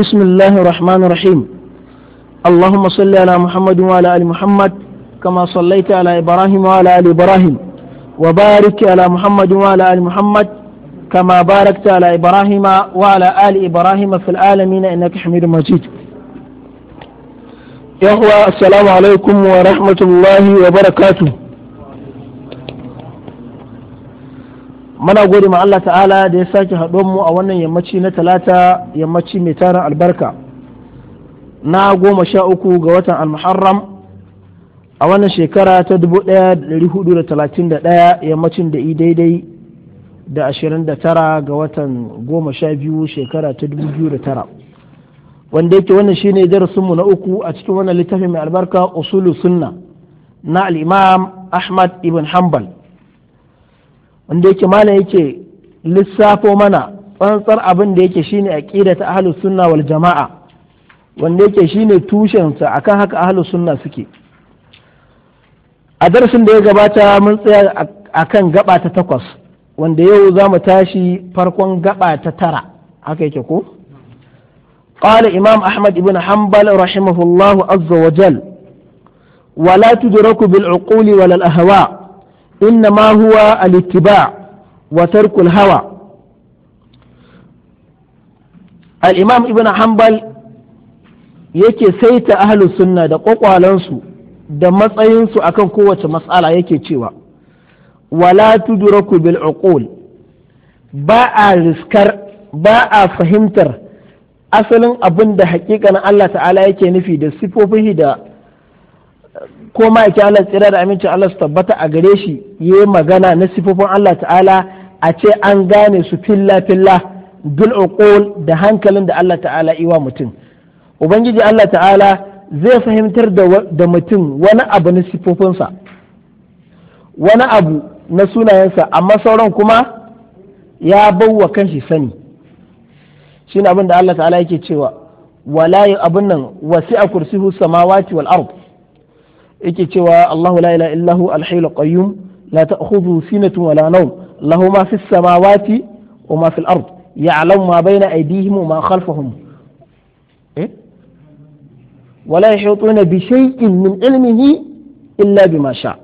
بسم الله الرحمن الرحيم اللهم صل على محمد وعلى ال محمد كما صليت على ابراهيم وعلى ال ابراهيم وبارك على محمد وعلى ال محمد كما باركت على ابراهيم وعلى ال ابراهيم في العالمين انك حميد مجيد يا السلام عليكم ورحمه الله وبركاته muna gode ma Allah ta'ala da ya sake haɗo mu a wannan yammaci na talata yammaci mai tara albarka na goma sha uku ga watan almuharram a wannan shekara ta dubu ɗaya da da talatin ɗaya yammacin da daidai da ashirin da tara ga watan goma sha biyu shekara ta dubu biyu da tara. wanda yake wannan shine darasinmu na uku a cikin wannan littafin mai albarka usulu sunna na al'imam ahmad ibn hanbal wanda yake malam yake lissafo mana tsantsar abin da yake shine aqidat ta ahlus sunna wal jama'a wanda yake shine tushen sa akan haka ahlus sunna suke a darasin da ya gabata mun tsaya akan gaba ta takwas wanda yau za mu tashi farkon gaba ta tara haka yake ko قال إمام أحمد بن حنبل رحمه الله عز وجل ولا تدرك بالعقول ولا الأهواء إنما هو الاتباع hawa الهوى الإمام ابن حنبل yake saita ahlus sunna da ƙwaƙwalansu da matsayinsu a kan kowace matsala yake cewa wala tudraku bil uqul ba a riskar ba a fahimtar asalin abin da hakikanin Allah ta'ala yake nufi da sifofihi da ko ma'aikin Allah tsira da amincin Allah su tabbata a gare shi yi magana na sifofin Allah ta'ala a ce an gane su filla filla bil uqul da hankalin da Allah ta'ala iwa mutum ubangiji Allah ta'ala zai fahimtar da mutum wani abu na sifofinsa wani abu na sunayensa amma sauran kuma ya bauwa kanshi sani shine abin da Allah ta'ala yake cewa wala abin nan wasi'a kursihu samawati wal ard yake cewa Allahu la ilaha illahu al-hayyul qayyum la ta'khudhu sinatun wala nawm lahu ma fis samawati wa ma fil ard ya'lamu ma bayna aydihim wa ma khalfahum eh wala yahituna bi shay'in min ilmihi illa bima sha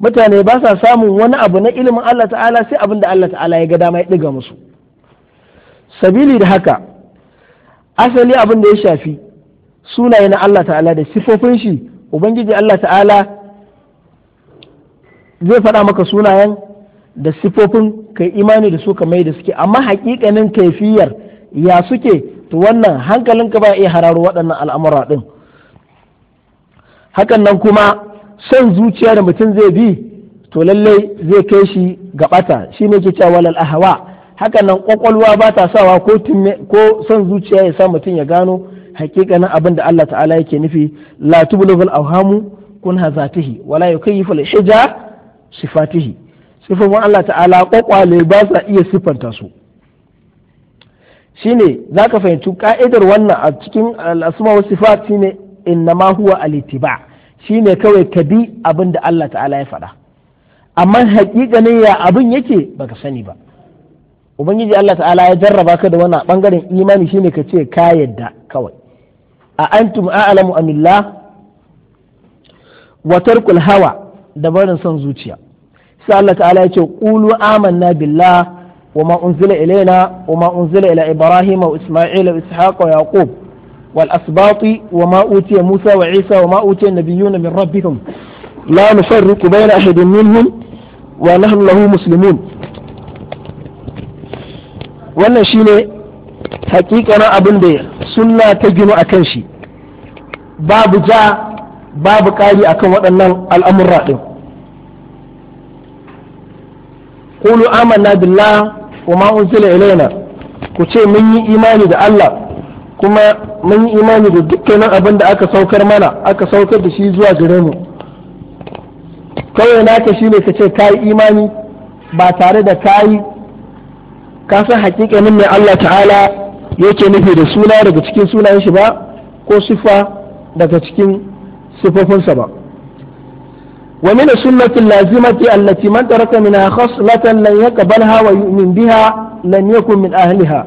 mutane ba sa samun wani abu na ilimin Allah ta'ala sai abinda da Allah ta'ala ya ga dama ya diga musu sabili da haka asali abin da ya shafi sunaye na Allah ta'ala da sifofin shi ubangiji Allah ta'ala zai faɗa maka sunayen da sifofin kai imani da su kamar da suke amma haƙiƙanin kaifiyar ya suke to wannan hankalinka ba iya hararo waɗannan al'amura ɗin hakan nan kuma son zuciya da mutum zai bi to lallai zai kai shi gaɓata shi ne ke cewa walal ahawa hakan nan ƙwaƙwalwa ba ta sawa ko son zuciya ya sa mutum ya gano hakikanin abin da Allah ta'ala yake nufi la tublughul awhamu kun hazatihi wala yukayyifu al-hija sifatihi sifofin Allah ta'ala kwakwale ba sa iya siffanta su shine zaka fahimci ka'idar wannan a cikin al-asma wa sifat shine innama huwa al-ittiba shine kawai ka bi abin da Allah ta'ala ya faɗa amma hakikanin ya abin yake baka sani ba ubangiji Allah ta'ala ya jarraba ka da wannan bangaren imani shine ka ce ka yadda a antum a'lamu amillah wa tarkul hawa da barin son zuciya sai Allah ta'ala ya ce qulu amanna billah wa ma unzila ilaina wa ma unzila ila ibrahim wa isma'il wa ishaqa wa yaqub wal asbati wa ma utiya musa wa isa wa ma utiya nabiyuna min rabbihim la nufarriqu bayna ahadin minhum wa nahnu lahu muslimun wannan shine hakikanin abin da sunna ta gino a kan shi babu ja babu ƙari akan waɗannan al'amurra ɗin kulu amanna billah wa ma unzila ilaina ku ce mun yi imani da Allah kuma mun yi imani da dukkanin abin da aka saukar mana aka saukar da shi zuwa gare mu kawai naka shine ka ce ka yi imani ba tare da ka yi ka san haƙiƙanin mai Allah ta'ala yake nufi da suna daga cikin sunayen shi ba ko sifa daga cikin sifofinsa ba wa min sunnatil lazimati allati raka taraka minha khaslatan lan yaqbalha wa yu'min biha lan yakun min aliha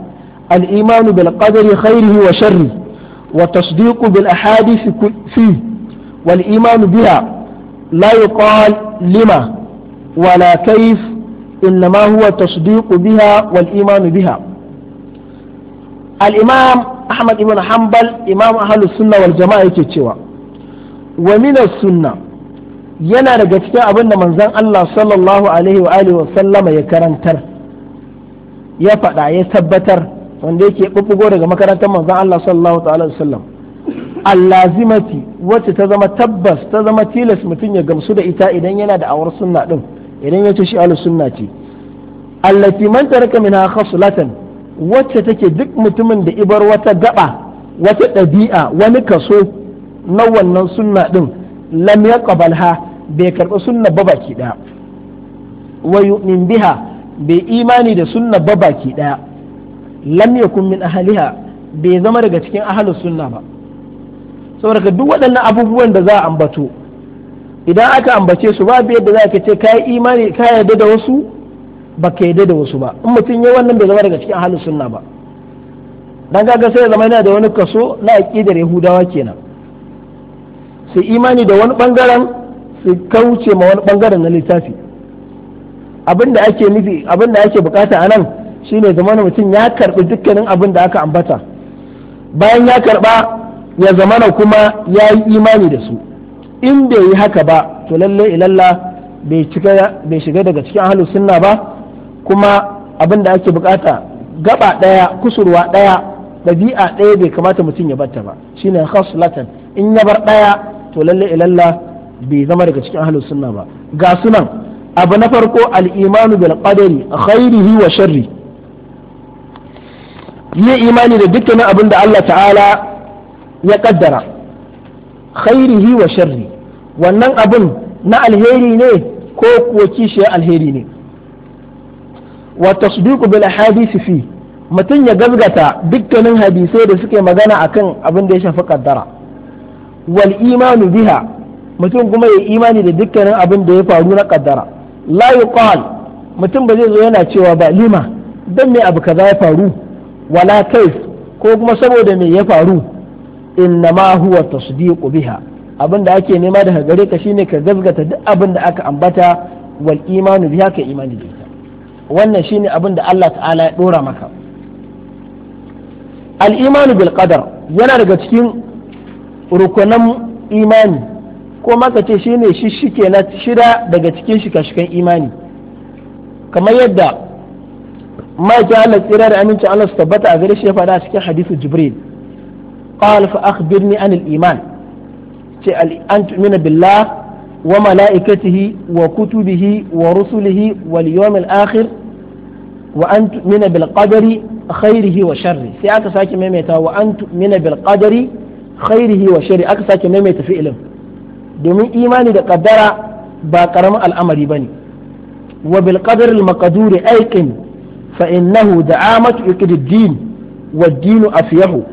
al-iman bil qadri khayrihi wa sharri wa tasdiqu bil ahadithi fi wal iman biha la yuqal lima wa la kayfa إنما هو التصديق بها والإيمان بها الإمام أحمد بن حنبل إمام أهل yake cewa, يتشوى ومن السنة yana daga cikin abin da manzon Allah sallallahu alaihi wa alihi wa sallama ya karantar ya faɗa ya tabbatar wanda yake bubbugo daga makarantar manzon Allah sallallahu ta'ala wa sallam allazimati wacce ta zama tabbas ta zama tilas mutum ya gamsu da ita idan yana da awar sunna ɗin? idan ya ce shi ahlus sunna ce allati man taraka minha khaslatan wacce take duk mutumin da ibar wata gaba wata ɗabi'a wani kaso na wannan sunna din lam yaqbalha bai karɓi sunna ba baki ɗaya wa yu'min biha bai imani da sunna ba baki ɗaya lam yakun min ahliha bai zama daga cikin ahlus sunna ba saboda duk waɗannan abubuwan da za a ambato idan aka ambace su babu yadda za ka ce ka yi imani ka yarda da wasu ba ka yarda da wasu ba in mutum ya wannan bai zama daga cikin ahlus sunna ba dan kaga sai zama yana da wani kaso na aqidar yahudawa kenan su imani da wani bangaren su kauce ma wani bangaren na littafi abin ake nufi abin da ake bukata anan shine zama mutum ya karbi dukkanin abin da aka ambata bayan ya karba ya zamana kuma ya yi imani da su in bai yi haka ba to lalle ilalla bai shiga daga cikin ahlus sunna ba kuma abin da ake bukata gaba daya kusurwa daya dabi'a daya bai kamata mutum ya batta ba shine latin in ya bar daya to lalle ilalla bai zama daga cikin ahlus sunna ba ga sunan abu na farko al-imanu bil qadari khairihi wa sharri yi imani da dukkanin abin da Allah ta'ala ya kaddara khairihi wa sharri wannan abun na alheri ne ko kuwa kishiyar alheri ne wa tasdiqu bil ahadisi fi mutum ya gazgata dukkanin hadisai da suke magana akan abin da ya shafi kaddara wal imanu biha mutum kuma ya imani da dukkanin abin da ya faru na kaddara la yuqal mutum ba zai zo yana cewa ba lima dan me abu kaza ya faru wala kaif ko kuma saboda me ya faru inna ma huwa tasdiqu biha abin da ake nema daga gare ka shine ka gazgata duk abin da aka ambata wal imanu biha ka imani da ita wannan shine abin da Allah ta'ala ya dora maka al imanu bil qadar yana daga cikin rukunan imani ko maka ce shine shike na shida daga cikin shika-shikan imani kamar yadda ma'aikin Allah tsira da amincin Allah su tabbata a gare shi ya faɗa a cikin hadisi Jibril qala fa akhbirni an al-iman ce an tu'mina billah wa malaikatihi wa kutubihi wa rusulihi wal yawmil akhir wa an tu'mina bil qadari khairihi wa sharri sai aka sake maimaita wa an tu'mina bil qadari wa sharri aka sake maimaita fi'ilin domin imani da kaddara ba karamin al'amari bane wa bil qadari al maqduri aikin fa innahu da'amatu iqdi din wa ad-din afyahu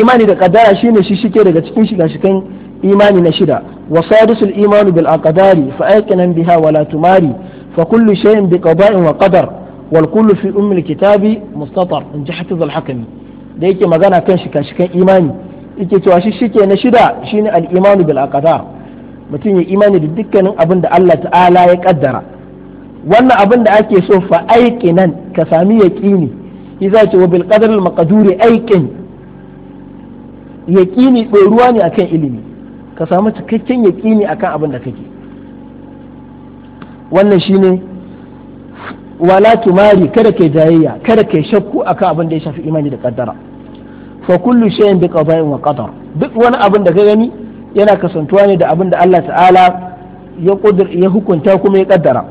imani da kaddara shine shi shike daga cikin shiga shikan imani na shida wa sadisul imanu bil aqdari fa ayqinan biha wa la tumari fa kullu shay'in bi qada'in wa qadar wal kullu fi ummil kitabi mustatar in ji hafiz al da yake magana kan shika shikan imani yake cewa shi shike na shida shine al imanu bil aqdar mutum ya imani da dukkanin abin da Allah ta'ala ya kaddara wannan abin da ake so fa aikinan ka sami yaqini idza ce wa bil qadar al maqduri aikin yaƙini ɗoruwa ne akan ilimi ka samu cikakken yaƙini akan abin da kake wannan shine wala tumari kada kai jayayya kada kai shakku akan abin da ya shafi imani da kaddara fa kullu shay'in bi qada'in wa qadar duk wani abin da ka gani yana kasantuwa ne da abin da Allah ta'ala ya kudur ya hukunta kuma ya kaddara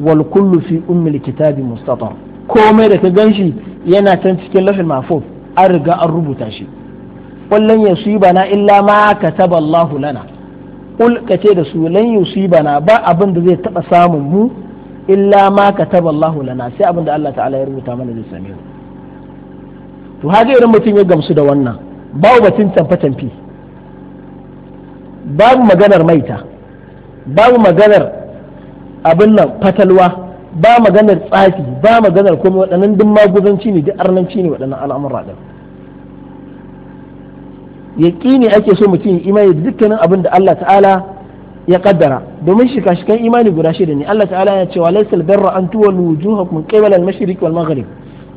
wal kullu fi ummil kitabi mustatar komai da ka ganshi yana can cikin lafin mahfuz an riga an rubuta shi qul bana illa ma kataba Allah lana ka ce da su lan bana ba abin da zai taba samun mu illa ma kataba Allah lana sai abin da Allah ta'ala ya rubuta mana zai same mu to haka irin mutum ya gamsu da wannan ba babu batun tamfe tamfi babu maganar maita babu maganar abin nan fatalwa ba maganar tsafi ba maganar komai waɗannan duk maguzanci ne duk arnanci ne waɗannan al'amuran. ɗin yaqini ake so mutum imani da dukkanin abin da Allah ta'ala ya kaddara domin shika-shikan imani guda shida ne Allah ta'ala ya ce wa laysa al an tuwallu wujuhakum qibala al-mashriq wal maghrib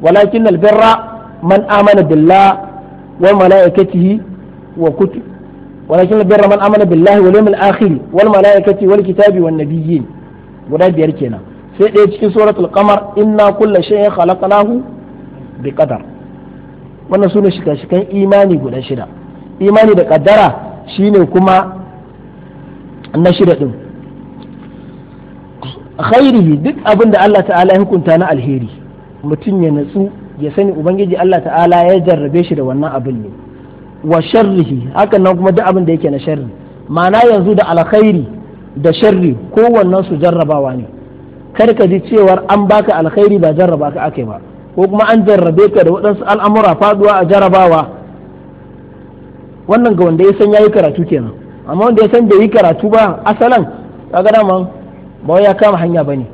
walakin al man amana billah wa malaikatihi wa kutub walakin al man amana billahi wal yawmil akhir wal malaikati wal kitabi wan nabiyyin guda biyar kenan sai ɗaya cikin suratul qamar inna kulla shay'in khalaqnahu biqadar wannan sune shika-shikan imani guda shida imani da kaddara shine kuma na shida din khairihi duk abin da Allah ta'ala ya hukunta na alheri mutum ya natsu ya sani ubangiji Allah ta'ala ya jarrabe shi da wannan abin ne wa sharrihi hakan nan kuma duk abin da yake na sharri ma'ana yanzu da alkhairi da sharri kowannen su jarrabawa ne kar ka ji cewar an baka alkhairi ba jarraba ka ake ba ko kuma an jarrabe ka da waɗansu al'amura faduwa a jarrabawa wannan ga wanda ya san yayi karatu kenan amma wanda ya san bai yi karatu ba asalan kaga dama ba ya kama hanya ba ne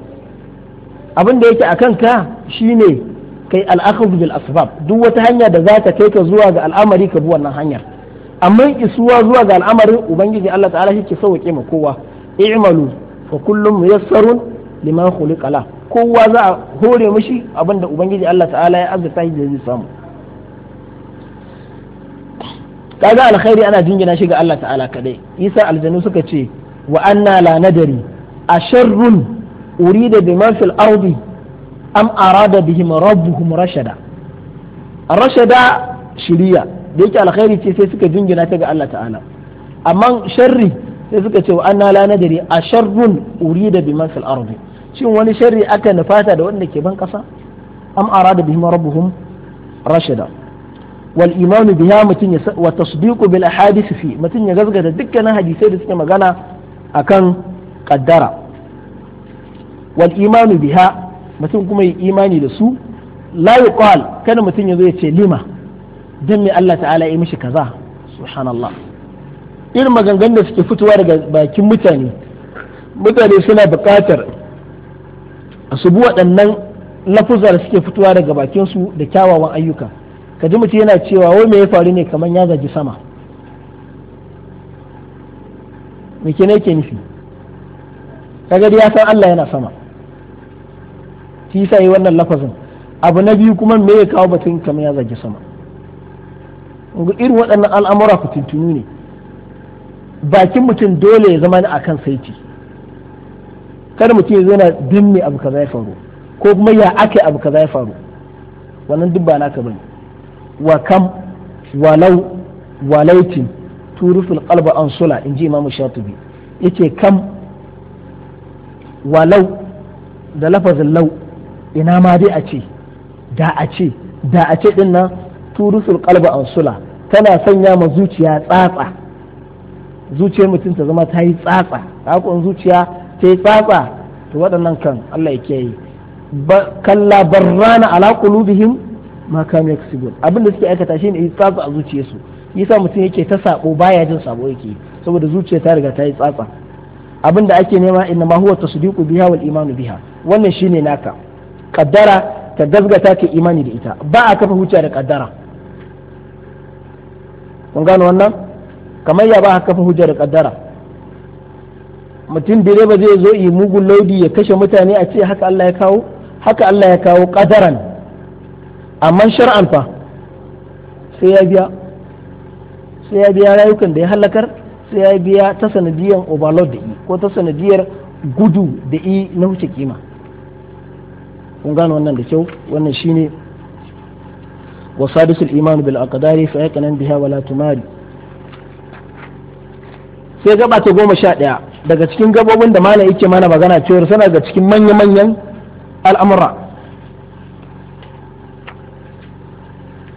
abin da yake akan ka shine kai al'akhadhu bil asbab duk wata hanya da za ta kai ka zuwa ga al'amari ka bi wannan hanyar amma isuwa zuwa ga al'amarin ubangiji Allah ta'ala shi ke sauke ma kowa i'malu fa kullum muyassarun liman khuliqa la kowa za a hore mishi abinda ubangiji Allah ta'ala ya azurta shi da zai samu kaga alkhairi ana jingina shi ga Allah ta'ala kadai isa aljanu suka ce wa anna la nadari asharrun urida man fil ardi am arada bihim rabbuhum rashada rashada shiriya da yake alkhairi ce sai suka jingina ta ga Allah ta'ala amma sharri sai suka ce wa anna la nadari asharrun urida man fil ardi shin wani sharri aka nufata da wanda ke ban kasa am arada bihim rabbuhum rashada wal imanu biha mutum wa tasdiqu bil ahadith fi mutum ya gazgata dukkanin hadisai da suke magana akan qaddara wal imanu biha mutum kuma ya imani da su la yuqal kada mutum ya zo ya ce lima dan Allah ta'ala ya mishi kaza subhanallah irin maganganun da suke fitowa daga bakin mutane mutane suna buƙatar su bi waɗannan lafuzar suke fitowa daga bakin su da kyawawan ayyuka ka ji mutum yana cewa wai me ya faru ne kamar ya zagi sama me ke yake nufi kaga ya san Allah yana sama shi sa yi wannan lafazin abu na biyu kuma me ya kawo batun kamar ya zagi sama irin waɗannan al'amura ku tuntunu ne bakin mutum dole ya zama a kan saiti kada mutum ya zauna bin me abu kaza ya faru ko kuma ya ake abu kaza ya faru wannan duk ba naka bane wa kam walau walaitin turuful qalba an sula in ji imamu shatubi yace kam walau da lafazin lau ina ma dai a ce da a ce da a ce din nan turusul qalba an sula tana sanya ma zuciya tsatsa zuciyar mutum ta zama ta yi tsatsa hakon zuciya ta yi tsatsa to waɗannan kan Allah ya kiyaye kalla barrana ala qulubihim ma kam abin da suke aikata shine yi tsatsa a zuciyarsu yasa mutum yake ta sabo baya jin sabo yake saboda zuciya ta riga ta yi tsatsa abinda ake nema inna ma huwa tasdiqu biha wal imanu biha wannan shine naka kaddara ta gazgata ka imani da ita ba a kafa hujja da kaddara kun gano wannan kamar ya ba a kafa hujja da kaddara mutum direba zai zo yi mugun laudi ya kashe mutane a ce haka Allah ya kawo haka Allah ya kawo kadaran amma shar'an fa sai ya biya sai ya biya rayukan da ya halakar sai ya biya ta sanadiyar overload da i ko ta sanadiyar gudu da i na wuce kima kun gano wannan da kyau wannan shine bil aqdari fa yakana biha wala tumari sai gaba ta goma sha ɗaya daga cikin gabobin da mana yake mana magana cewar sana daga cikin manya-manyan al'amura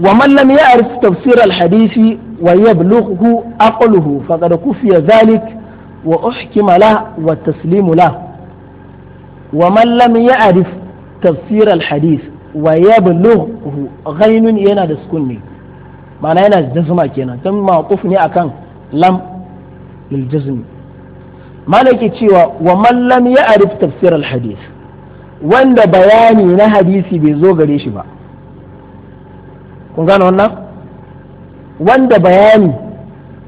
ومن لم يعرف تفسير الحديث ويبلغه عقله فقد كفي ذلك وأحكم له والتسليم له ومن لم يعرف تفسير الحديث ويبلغه غين ينا دسكني معنى ينا جزمة كينا تم موقفني أكان لم للجزم مالك تشيوى ومن لم يعرف تفسير الحديث وند بياني نهديسي بزوغ ليش بقى kun gane wannan wanda bayani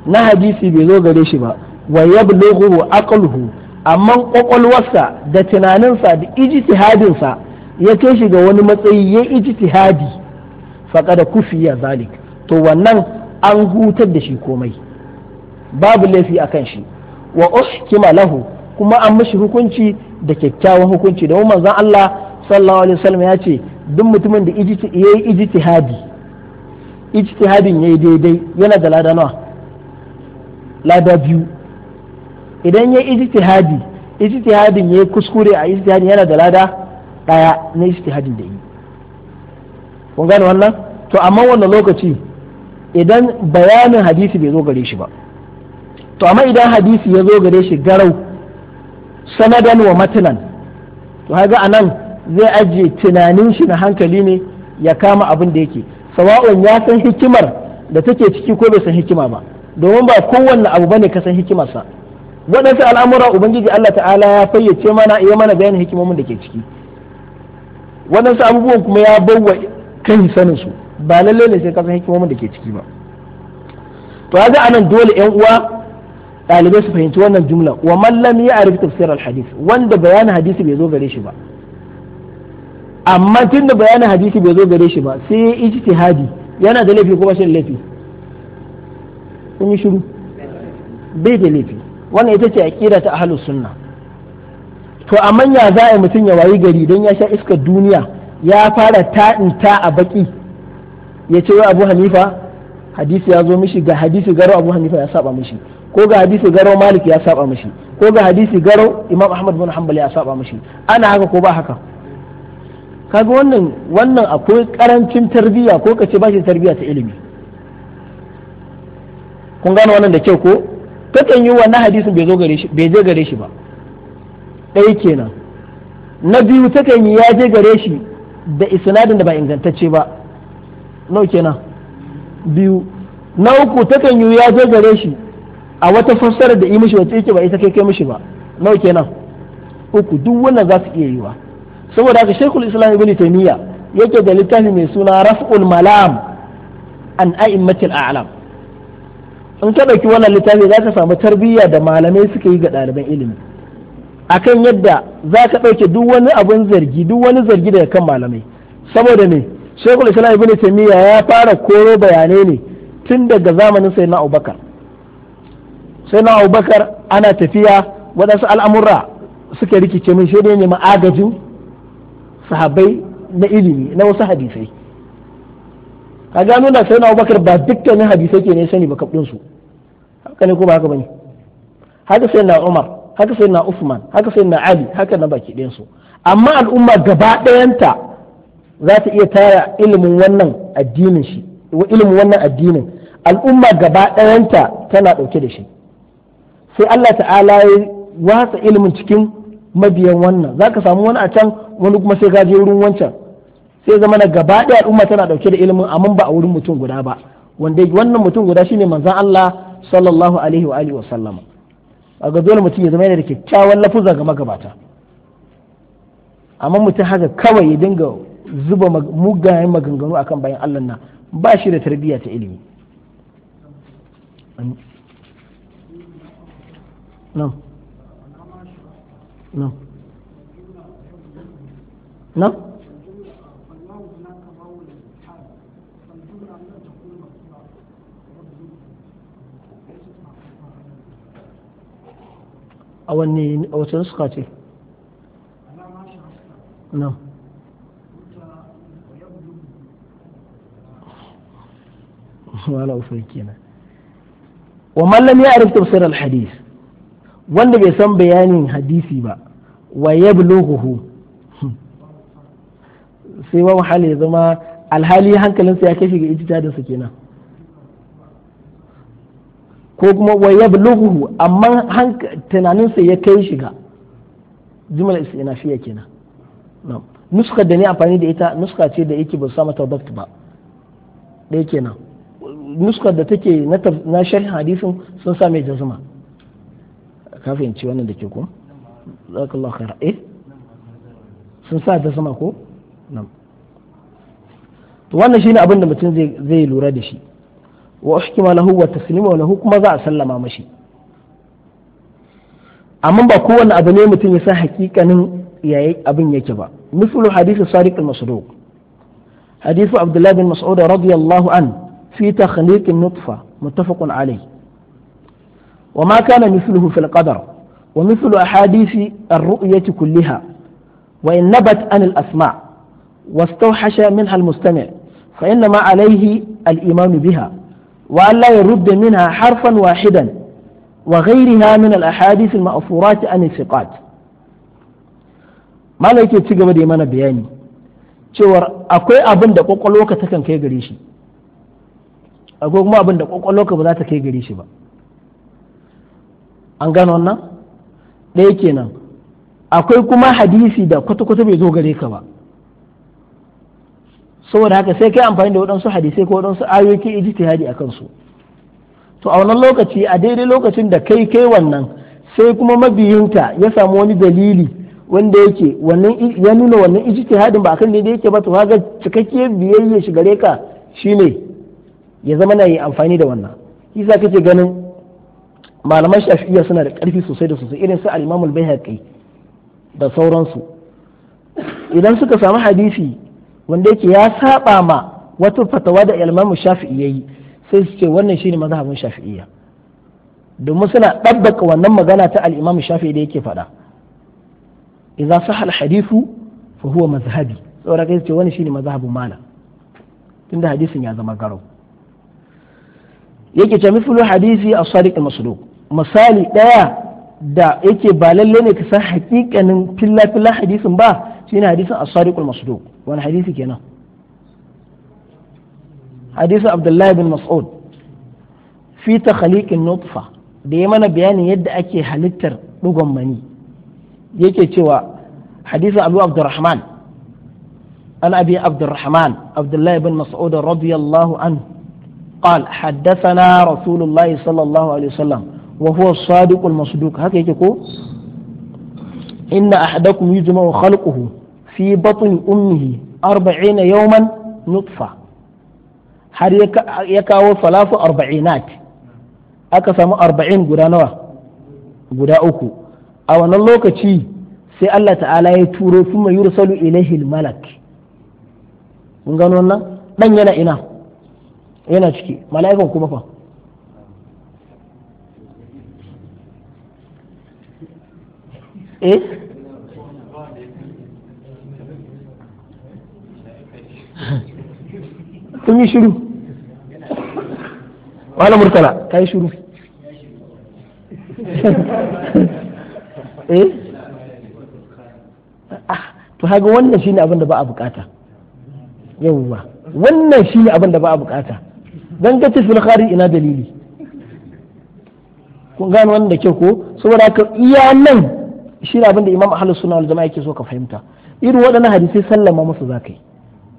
na hadisi bai zo gare shi ba wa yablughu aqluhu amma kwakwalwarsa da tunaninsa da sa ya kai shi ga wani matsayi ya ijtihadi faqad kufiya zalik to wannan an hutar da shi komai babu laifi akan shi wa uhkima lahu kuma an mishi hukunci da kyakkyawan hukunci domin manzon Allah sallallahu alaihi wasallam ya ce duk mutumin da yayi ijtihadi ijtihadin yayi daidai yana da lada nawa lada biyu idan ya ijtihadi ijtihadin yayi kuskure a ijtihadin yana da lada daya na ijtihadin da yi kun gane wannan to amma wannan lokaci idan bayanin hadisi bai zo gare shi ba to amma idan hadisi ya zo gare shi garau sanadan wa matanan to haga anan zai ajiye tunanin shi na hankali ne ya kama abin da yake sawa'un ya san hikimar da take ciki ko bai san hikima ba domin ba kowanne abu bane ka san hikimarsa waɗansu al'amura ubangiji Allah ta'ala ya fayyace mana iya mana bayanin hikimomin da ke ciki waɗansu abubuwan kuma ya bawa kan sanin su ba lalle ne sai ka san hikimomin da ke ciki ba to ga anan dole ƴan uwa ɗalibai su fahimci wannan jumla wa man lam ya'rif tafsir al-hadith wanda bayanin hadisi bai zo gare shi ba amma tun da bayanin hadisi bai zo gare shi ba sai ya yi ijtihadi yana da laifi kuma ba shi da laifi kun yi shiru bai da laifi wannan ita ce aqida ta ahlus sunna to amma ya za a mutum ya wayi gari don ya sha iskar duniya ya fara ta'inta a baki ya ce abu hanifa hadisi ya zo mishi ga hadisi garo abu hanifa ya saba mishi ko ga hadisi garo malik ya saba mishi ko ga hadisi garo imam ahmad bin hanbal ya saba mishi ana haka ko ba haka kaga wannan wannan akwai karancin tarbiyya ko ka ce bashi tarbiyya ta ilimi kun gano wannan da kyau ko takan yi wannan hadisin bai zo gare shi bai je gare shi ba ɗaya kenan na biyu takan yi ya je gare shi da isnadin da ba ingantacce ba nau kenan biyu na uku takan yi ya je gare shi a wata fassara da yi mishi wata yake ba ita kai kai mishi ba nau kenan uku duk wannan za su iya yiwa saboda haka shekul islam ibn taymiya yake da littafi mai suna raf'ul malam an a'immatil a'lam in ka ɗauki wannan littafi za ka samu tarbiyya da malamai suka yi ga ɗaliban ilimi akan yadda za ka ɗauke duk wani abin zargi duk wani zargi daga kan malamai saboda me shekul islam ibn taymiya ya fara koro bayanai ne tun daga zamanin sai na abubakar sai na abubakar ana tafiya waɗansu al'amura suka rikice min shi ne ma'agajin? agajin sahabbai na ilimi na wasu hadisai a gano da sai na abubakar ba dukkanin hadisai ke ne sani ba su haka ne kuma ba haka bane haka sai na umar haka sai na usman haka sai na ali haka na baki ɗayan su amma al'umma gaba ɗayanta za ta iya tara ilimin wannan addinin shi ilimin wannan addinin al'umma gaba ɗayanta tana ɗauke da shi sai Allah ta'ala ya watsa ilimin cikin mabiyan wannan za ka samu wani a can wani kuma sai gaje wurin wancan sai zama na gaba ɗaya al'umma tana ɗauke da ilimin amma ba a wurin mutum guda ba wanda wannan mutum guda shine manzon Allah sallallahu alaihi wa alihi wa sallama kaga dole mutum ya zama yana da kyakkyawan lafuza ga magabata amma mutum haka kawai ya dinga zuba mugayen maganganu akan bayan Allah na ba shi da tarbiyya ta ilimi No. نعم نعم wala ufai kenan wa tafsir al-hadith wanda bai san bayanin hadisi ba wa yablughuhu sai wa ya zama alhali hankalinsa ya kashi ga ijtihadin sa kenan ko kuma wa yablughuhu amma tunaninsa ya kai nuska da ni amfani da ita nuska ce da yake ba samu tabbata ba ɗaya kenan nuskar da take na sharhin hadisin sun sa jazuma wannan da ke kuma zakallahu khair eh sun sa ta sama ko nan to wannan shine abin da mutum zai lura da shi wa uhkima lahu wa taslima lahu kuma za a sallama mashi amma ba kowanne abu ne mutum ya san hakikanin yayi abin yake ba mislu hadisi sadiq al-masduq hadisi abdullah bin mas'ud radiyallahu an fi takhliq an-nutfa muttafaq alayh وما كان مثله في القدر ومثل أحاديث الرؤية كلها وإن نبت عن الأسماء واستوحش منها المستمع فإنما عليه الإيمان بها وأن لا يرد منها حرفا واحدا وغيرها من الأحاديث المأثورات عن الثقات ما لا يكي تجمع دي مانا بياني cewar akwai abin da kwakwalwarka takan kai gare shi akwai kuma abin da kwakwalwarka ba za ta kai gare shi ba an gano wannan ɗaya kenan akwai kuma hadisi da kwata-kwata bai zo gare ka ba saboda haka sai kai amfani da waɗansu hadisai ko waɗansu ayoyi hadi a su to a wannan lokaci a daidai lokacin da kai kai wannan sai kuma mabiyinka ya samu wani dalili wanda yake wannan ya nuna wannan ijtihadin ba akan daidai yake ba to kaga cikakkiyar biyayya shi gare ka shine ya zama na yi amfani da wannan yasa kake ganin malaman shafi'iyya suna da ƙarfi sosai da sosai irin su al-imamul baihaqi da sauransu idan suka samu hadisi wanda yake ya saba ma wata fatawa da al-imamu shafi'i yayi sai su ce wannan shine mazhabin shafi'iyya domin suna ɗabbaka wannan magana ta al-imamu shafi'i da yake faɗa idan sahha al-hadithu fa huwa mazhabi saboda kai ce wannan shine mazhabin malam tunda hadisin ya zama garau yake ce mithlu hadisi as-sadiq al-masduq misali ɗaya da yake ba lallai ne ka san hakikanin filla hadisin ba shine hadisin as-sadiqul masduq wani hadisi kenan hadisin abdullahi bin mas'ud fi takhliqin nutfa da ya mana bayanin yadda ake halittar dugon mani yake cewa hadisin abu abdurrahman an abi abdurrahman abdullahi bin mas'ud radiyallahu an قال حدثنا رسول الله صلى الله عليه وسلم wa huwa sadiqul masduq haka yake ko inna ahadakum yujma'u khalquhu fi batni ummihi 40 yawman nutfa har ya kawo salafu arba'inat aka samu arba'in guda nawa guda uku a wannan lokaci sai Allah ta'ala ya turo kuma yursalu ilaihil malak mun gano wannan dan yana ina yana ciki mala'ikan kuma fa eh kun yi shiru wala murtala ka yi shiru eh ah, to haga wannan shine abin da ba a bukata yawwa wannan shine abin da ba a bukata dan gace fil ina dalili kun gano wannan da kyau ko saboda ka iya nan shi abin da imam ahlus suna wani jama'a yake so ka fahimta irin waɗannan hadisai sallama musu ka yi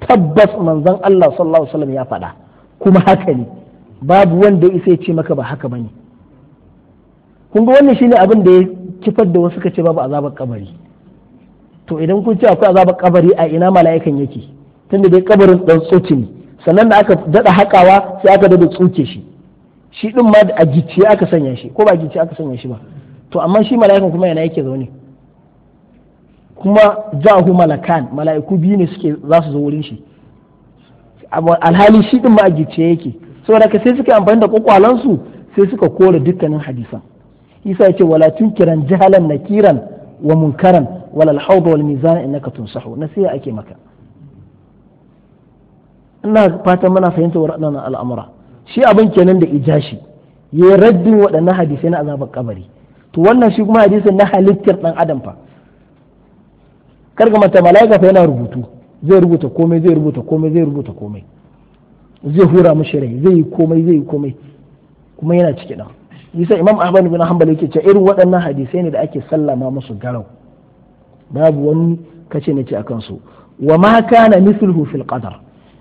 tabbas manzon Allah sallallahu alaihi wasallam ya faɗa kuma haka ne babu wanda isa ya ce maka ba haka bane kun ga wannan shine abin da ya kifar da wasu ka kace babu azabar kabari to idan kun ce akwai azabar kabari a ina mala'ikan yake tunda dai kabarin dan tsoci ne sannan da aka dada hakawa sai aka dada tsoke shi shi din ma a gicciye aka sanya shi ko ba gicciye aka sanya shi ba to amma shi mala'ikan kuma yana yake zaune kuma ja'ahu malakan mala'iku biyu ne suke za su zo wurin shi alhali shi din ma'agice yake saboda ka sai suka amfani da kwakwalansu sai suka kore dukkanin hadisan isa ya ce wala kiran jahalan kiran wa munkaran wala alhawd wal mizan innaka tunsahu nasiha ake maka ina fatan muna fahimta waɗannan al'amura shi abin kenan da ijashi yayi raddin waɗannan hadisai na azabar kabari to wannan shi kuma hadisin na halittar dan adam fa karga mata mala'ika fa yana rubutu zai rubuta komai zai rubuta komai zai rubuta komai zai hura mushi rai zai yi komai zai yi komai kuma yana ciki dan yasa imam ahmad bin hanbal yake cewa irin waɗannan hadisai ne da ake sallama musu garau babu wani kace nace akan su wa ma kana mithluhu fil qadar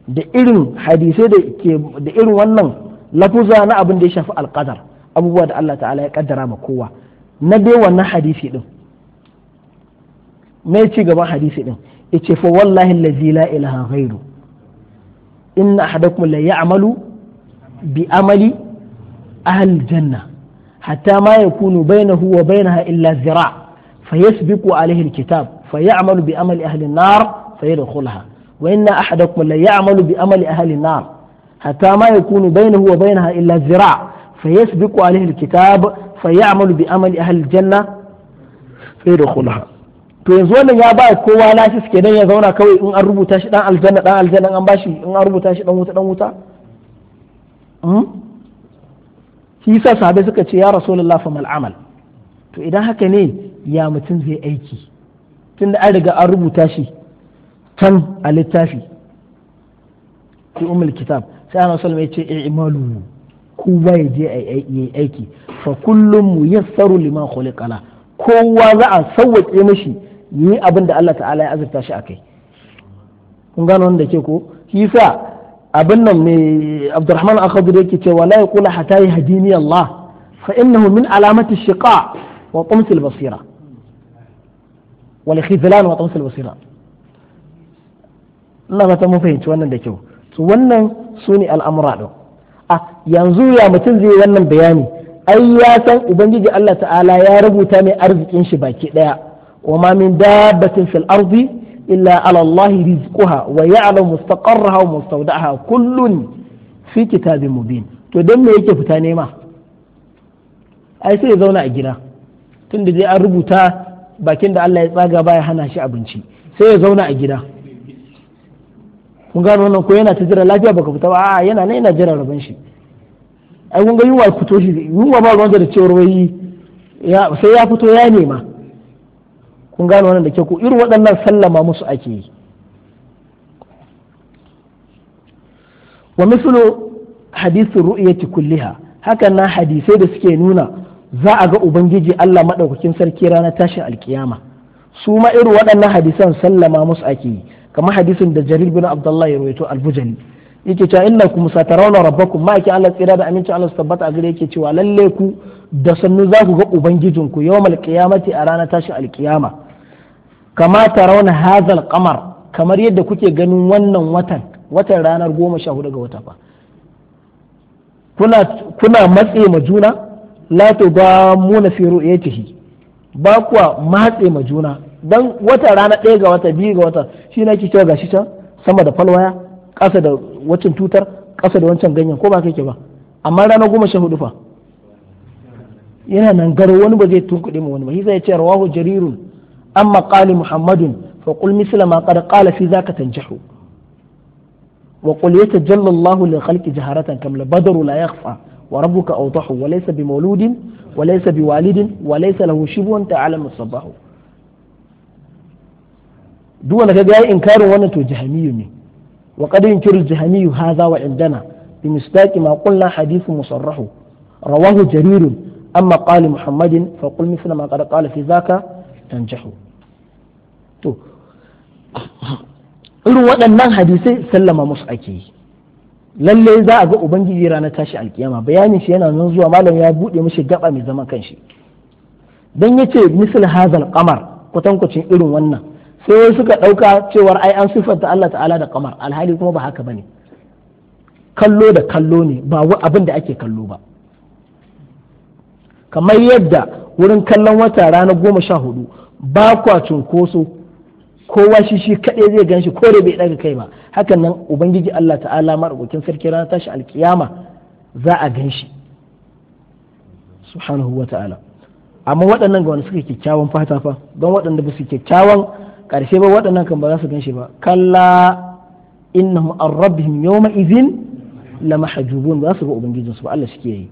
da irin hadisai da ke da irin wannan lafuza na abin da ya shafi alqadar abubuwa da Allah ta'ala ya kaddara ma kowa na dai wannan hadisi din me ci gaban hadisi din yace fa wallahi allazi la ilaha ghairu inna ahadakum la ya'malu bi amali ahli janna hatta ma yakunu bainahu wa bainaha illa zira Fa fayasbiqu alayhi alkitab fayamalu bi amali ahli an-nar Fa fayadkhulaha wa inna ahadakum la ya'malu bi amali ahli an-nar hatta ma yakunu bainahu wa bainaha illa zira Fa fayasbiqu alayhi alkitab fa amalu bi amali ahli janna fa to yanzu wannan ya ba kowa lasis kenan ya zauna kawai in an rubuta shi dan aljanna dan aljanna an bashi in an rubuta shi dan wuta dan wuta shi yasa sahabbai suka ce ya rasulullah fa mal amal to idan haka ne ya mutum zai aiki tunda an riga an rubuta shi can a littafi fi umul kitab sai ana sallama ya ce i'malu kowa ya je a aiki fa kullum muyassaru lima khuliqala kowa za a sauwaƙe mishi yi abin da Allah ta'ala ya azurta shi akai kun gano wanda ke ko yasa abin nan mai Abdurrahman Akhadir yake cewa la yaqulu hatta yahdini Allah fa innahu min alamati shiqa wa tums basira wal khizlan wa tums basira Allah ba ta mun fahimci wannan da kyau to wannan sune al'amura din a yanzu ya mutum zai wannan bayani ai ya san ubangiji Allah ta'ala ya rubuta mai arzikin shi baki daya wa ma min dabbatin fil ardi illa ala Allah rizquha wa ya'lamu mustaqarraha wa mustawda'aha kullun fi kitabin mubin to dan me yake fita nema ai sai ya zauna a gida tunda dai an rubuta bakin da Allah ya tsaga baya hana shi abinci sai ya zauna a gida kun gano wannan ko yana ta jira lafiya baka fita ba a'a yana nan yana jira rabon shi ai kun ga yunwa fito shi yunwa ba ruwan da cewar wai sai ya fito ya nema kun gano wannan da ke ku irin waɗannan sallama musu ake yi wa mislu hadisin ru'yati kulliha hakan na hadisai da suke nuna za a ga ubangiji Allah madaukakin sarki ranar tashin alkiyama su ma irin waɗannan hadisan sallama musu ake yi kamar hadisin da jarir bin abdullahi ya rawaito al-bujali yake cewa innakum satarawna rabbakum ma yake Allah tsira da aminci Allah su tabbata a gare yake cewa lalle ku da sannu za ku ga ubangijinku yawmal qiyamati a ranar tashi alkiyama kama tarawna hazal qamar kamar yadda kuke ganin wannan watan watan ranar goma ga wata fa kuna kuna matse ma juna la na fi ru'yatihi ba kuwa matse ma juna dan wata rana ɗaya ga wata biyu ga wata shi ne ake cewa shi can sama da falwaya ƙasa da waccan tutar ƙasa da wancan ganyen ko ba kake ba amma ranar goma sha hudu fa yana nan garo wani ba zai tunkuɗe mu wani ba hisa ya ce rawahu jarirun amma qali muhammadun fa qul misla ma qad qala fi zaka tanjahu wa qul yatajalla Allahu li khalqi jaharatan kam la badaru la yakhfa wa rabbuka awdahu wa laysa bi mawludin wa bi walidin wa laysa lahu shibun ta'ala musabbahu duk wanda kaga yayi inkarin wannan to jahamiyu ne wa qad yunkiru jahamiyyu hadha wa indana bi mistaqi ma qulna hadithu musarrahu rawahu jarir amma qali muhammadin fa qul mithla ma qad qala fi zaka tanjahu to irin waɗannan hadisai sallama musu ake yi lalle za a ga ubangiji ranar tashi alkiyama bayanin shi yana nan zuwa malam ya buɗe mishi gaba mai zaman kanshi dan yace misal hazal qamar kwatankwacin irin wannan sai suka ɗauka cewar ai an siffanta Allah ta'ala da kamar alhali kuma ba haka bane kallo da kallo ne ba abin da ake kallo ba kamar yadda wurin kallon wata rana goma sha hudu ba kwa cunkoso kowa shi shi kaɗai zai gan shi ko da bai ɗaga kai ba hakan nan ubangiji Allah ta'ala maɗaukakin sarki rana tashi alkiyama za a gan shi subhanahu wa ta'ala amma waɗannan ga wani suka kyakkyawan fata fa don waɗanda ba su kyakkyawan karshe ba waɗannan kan ba za su ganshi ba kalla innahum an rabbihim yawma idhin la mahjubun ba su ga ubangijin su ba Allah shi ke yi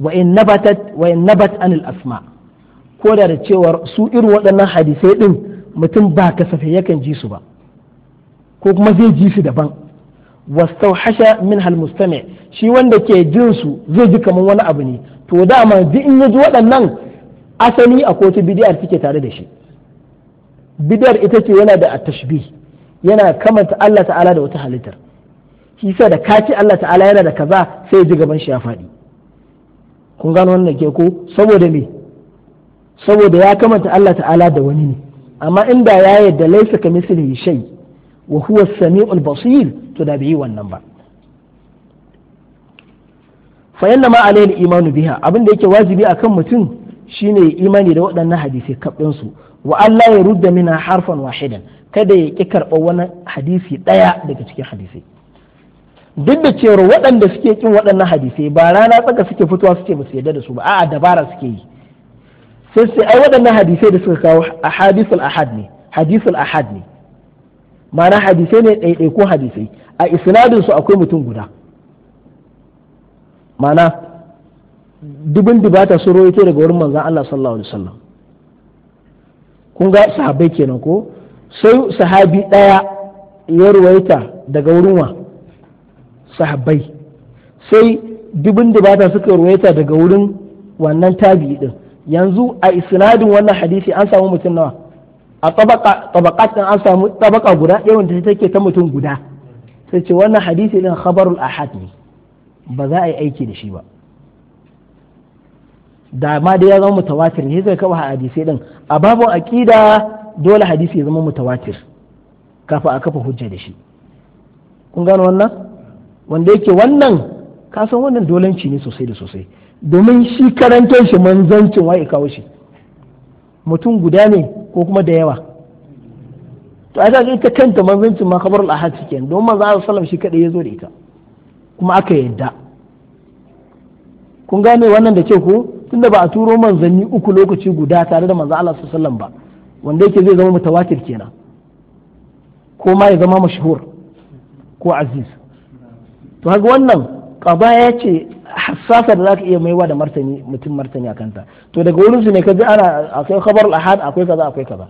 wa in nabatat wa in anil asma ko da da cewa su irin waɗannan hadisai ɗin mutum ba kasafai yakan ji su ba ko kuma zai ji su daban wastauhasha min hal mustami shi wanda ke jin su zai ji kamar wani abu ne to dama ji in ya waɗannan asali a kotu bidiyar take tare da shi bid'ar ita ce yana da tashbih yana kamanta Allah ta'ala da wata halittar shi sa da kaci Allah ta'ala yana da kaza sai ji gaban shi ya faɗi kun gano wannan ke ko saboda me saboda ya kamanta Allah ta'ala da wani ne amma inda ya yadda laisa ka misali shay wa huwa as-sami'ul basir to da bai wannan ba fa yanna ma alayhi imanu biha abin da yake wajibi akan mutum shine ya imani da waɗannan hadisai kaɗin su wa Allah ya rudda mina harfan wahidan kada ya ƙi karɓar wani hadisi ɗaya daga cikin hadisai duk da cewa waɗanda suke ƙin waɗannan hadisai ba rana tsaka suke fitowa suke ba su yarda da su ba a'a dabara suke yi sai sai ai waɗannan hadisai da suka kawo ahadisul ahad ne hadisul ahad ne ma'ana hadisai ne ko hadisai a isnadin su akwai mutum guda ma'ana dubin dibata sun rawaito daga wurin manzan Allah sallallahu alaihi wasallam kun ga sahabai kenan ko sai sahabi ɗaya ya ruwaita daga wurin wa sahabai sai dubin dibata suka ruwaita daga wurin wannan tabi'i din yanzu a isnadin wannan hadisi an samu mutum nawa a tabaka an samu tabaka guda ɗaya da take ta mutum guda sai ce wannan hadisi din khabarul ahad ne ba za a yi aiki da shi ba da ma dai ya zama mutawatir ne zai kawo hadisai din a babu aqida dole hadisi ya zama mutawatir kafa a kafa hujja da shi kun gano wannan wanda yake wannan ka san wannan dolanci ne sosai da sosai domin shi karantar shi manzancin kawo shi mutum guda ne ko kuma da yawa to a ga ka kanta manzancin ma a al-ahad cikin don manzo sallam shi kadai ya zo da ita kuma aka yadda kun gane wannan da ke ko tunda ba a turo manzanni uku lokaci guda tare da manzo Allah sallallahu alaihi ba wanda yake zai zama mutawatir kenan ko ma ya zama mashhur ko aziz to haka wannan qada ya ce hassasa da zaka iya maiwa da martani mutum martani akan ta to daga wurin su ne kaji ana akwai khabar ahad akwai kaza akwai kaza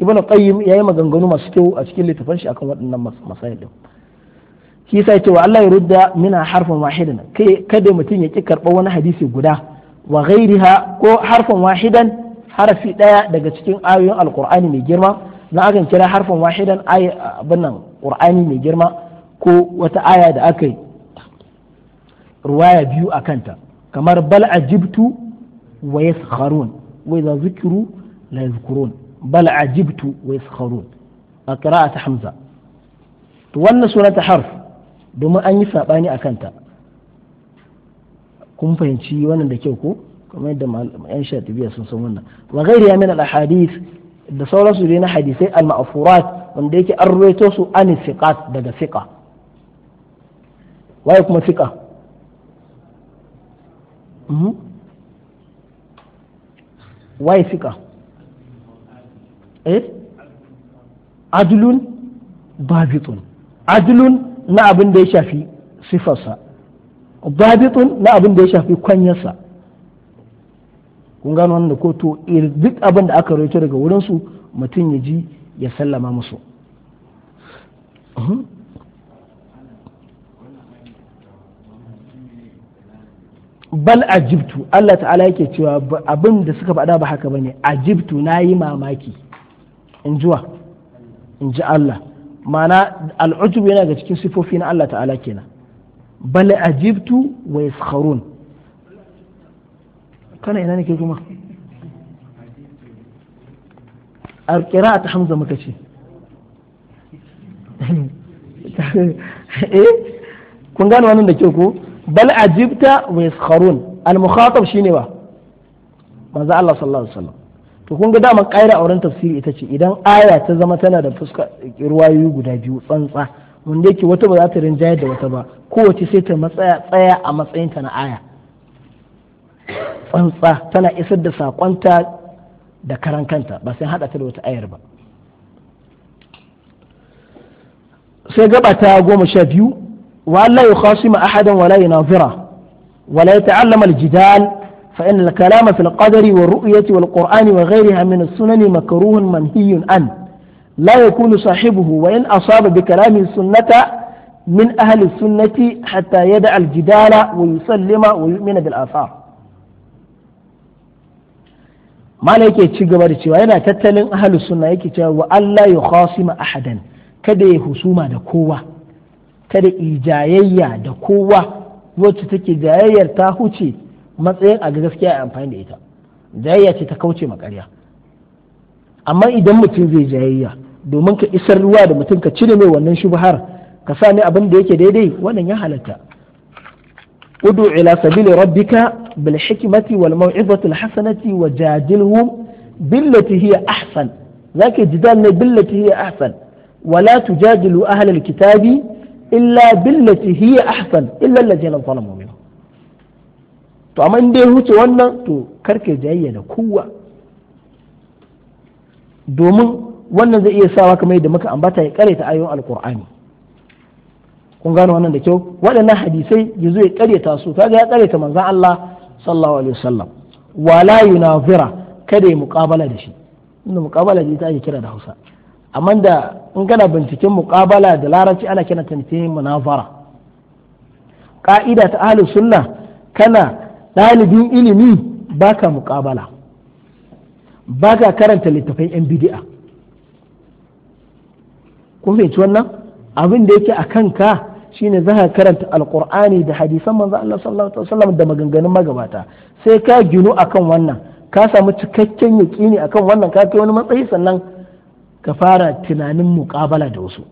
ibn qayyim yayi maganganu masu kyau a cikin littafin shi akan waɗannan masail din shi yasa ya ce wa Allah ya rudda mina harfin wahidan kai kada mutum ya ki karɓa wani hadisi guda wa ghairiha ko harfan wahidan harfi daya daga cikin ayoyin alqur'ani mai girma na akan kira harfan wahidan ay abin nan qur'ani mai girma ko wata aya da aka yi ruwaya biyu a kanta kamar bal ajibtu wa yaskharun wa idha zikru la yadhkurun bal ajibtu wa yaskharun a qira'at hamza to wannan sunata harf domin an yi sabani a kanta kun fahimci wannan da kyau ko kamar yadda sha shatibiya sun san wannan wa ghairi ya min al da sauran su na hadisai al ma'furat wanda yake an ruwaito su an siqat daga siqa waye kuma siqa hmm? waye siqa eh adlun babitun adlun na abin da ya shafi sifarsa babitun na abin da ya shafi kwanyarsa kun gano wannan ko to duk abin da aka rawaito daga wurinsu mutum ya ji ya sallama musu bal ajibtu Allah ta'ala yake cewa abin da suka faɗa ba haka ba bane ajibtu na yi mamaki in jiwa in ji Allah ma'ana al'ujubu yana ga cikin sifofi na Allah ta'ala kenan bal ajibtu wa yaskharun kana ina nake kuma alƙira'a ta hamza muka ce eh kun gane wannan da kyau ko bal ajibta wa yaskharun al mukhatab shine ba manzo Allah sallallahu alaihi wasallam to kun ga dama ƙaira a wurin tafsiri ita ce idan aya ta zama tana da fuska ruwayoyi guda biyu tsantsa wanda yake wata ba za ta rinjaye da wata ba kowace sai ta matsaya tsaya a matsayinta na aya tsantsa tana isar da saƙonta da karan kanta ba sai haɗa ta da wata ayar ba sai gaba ta goma sha biyu wa Allah ya khasima ahadan wala yunazira wala yata'allama al-jidal fa inna al-kalama fil qadari wa ru'yati wal qur'ani wa ghayriha min as-sunani makruhun manhiyun an la ya sahibuhu wa in asaba bi kalamin sunnata min ahli sunnati hatta yada al jidala wa yusallima wa yu'mina bil yake ci gaba da cewa yana tattalin ahli suna yake cewa wa Allah ya khasima ahadan kada ya husuma da kowa kada ijayayya da kowa wacce take jayayyar ta huce matsayin a ga gaskiya a amfani da ita jayayya ce ta kauce ma karya amma idan mutum zai jayayya domin ka isar ruwa da mutum ka cire mai wannan shubhar ka sa mai abin da yake daidai wannan ya halatta udu ila sabili rabbika bil hikmati wal maw'izati al hasanati wajadilhum billati hiya ahsan zaka jidal ne billati hiya ahsan wala tujadilu ahla al kitabi illa billati hiya ahsan illa alladhina zalamu minhum to amma in huce wannan to karke jayya da kowa domin wannan zai iya sawa kamar yadda muka ambata ya karyata ayoyin alkur'ani kun gano wannan da kyau waɗannan hadisai ya zo ya karyata su kaga ya karyata manzon Allah sallallahu alaihi wasallam wala yunazira kada ya muqabala da shi inda muqabala da ita ake kira da Hausa amma da in kana binciken muƙabala da larabci ana kira ta ne munazara ka'ida ta ahlus sunna kana ɗalibin ilimi baka muqabala baka karanta littafai yan bid'a kun fahimci wannan abin da yake a kanka shine za ka karanta Alƙur'ani da hadisan manzo Allah sallallahu alaihi wasallam da maganganun magabata sai ka ginu akan wannan ka samu cikakken yaƙini akan wannan ka kai wani matsayi sannan ka fara tunanin muƙabala da wasu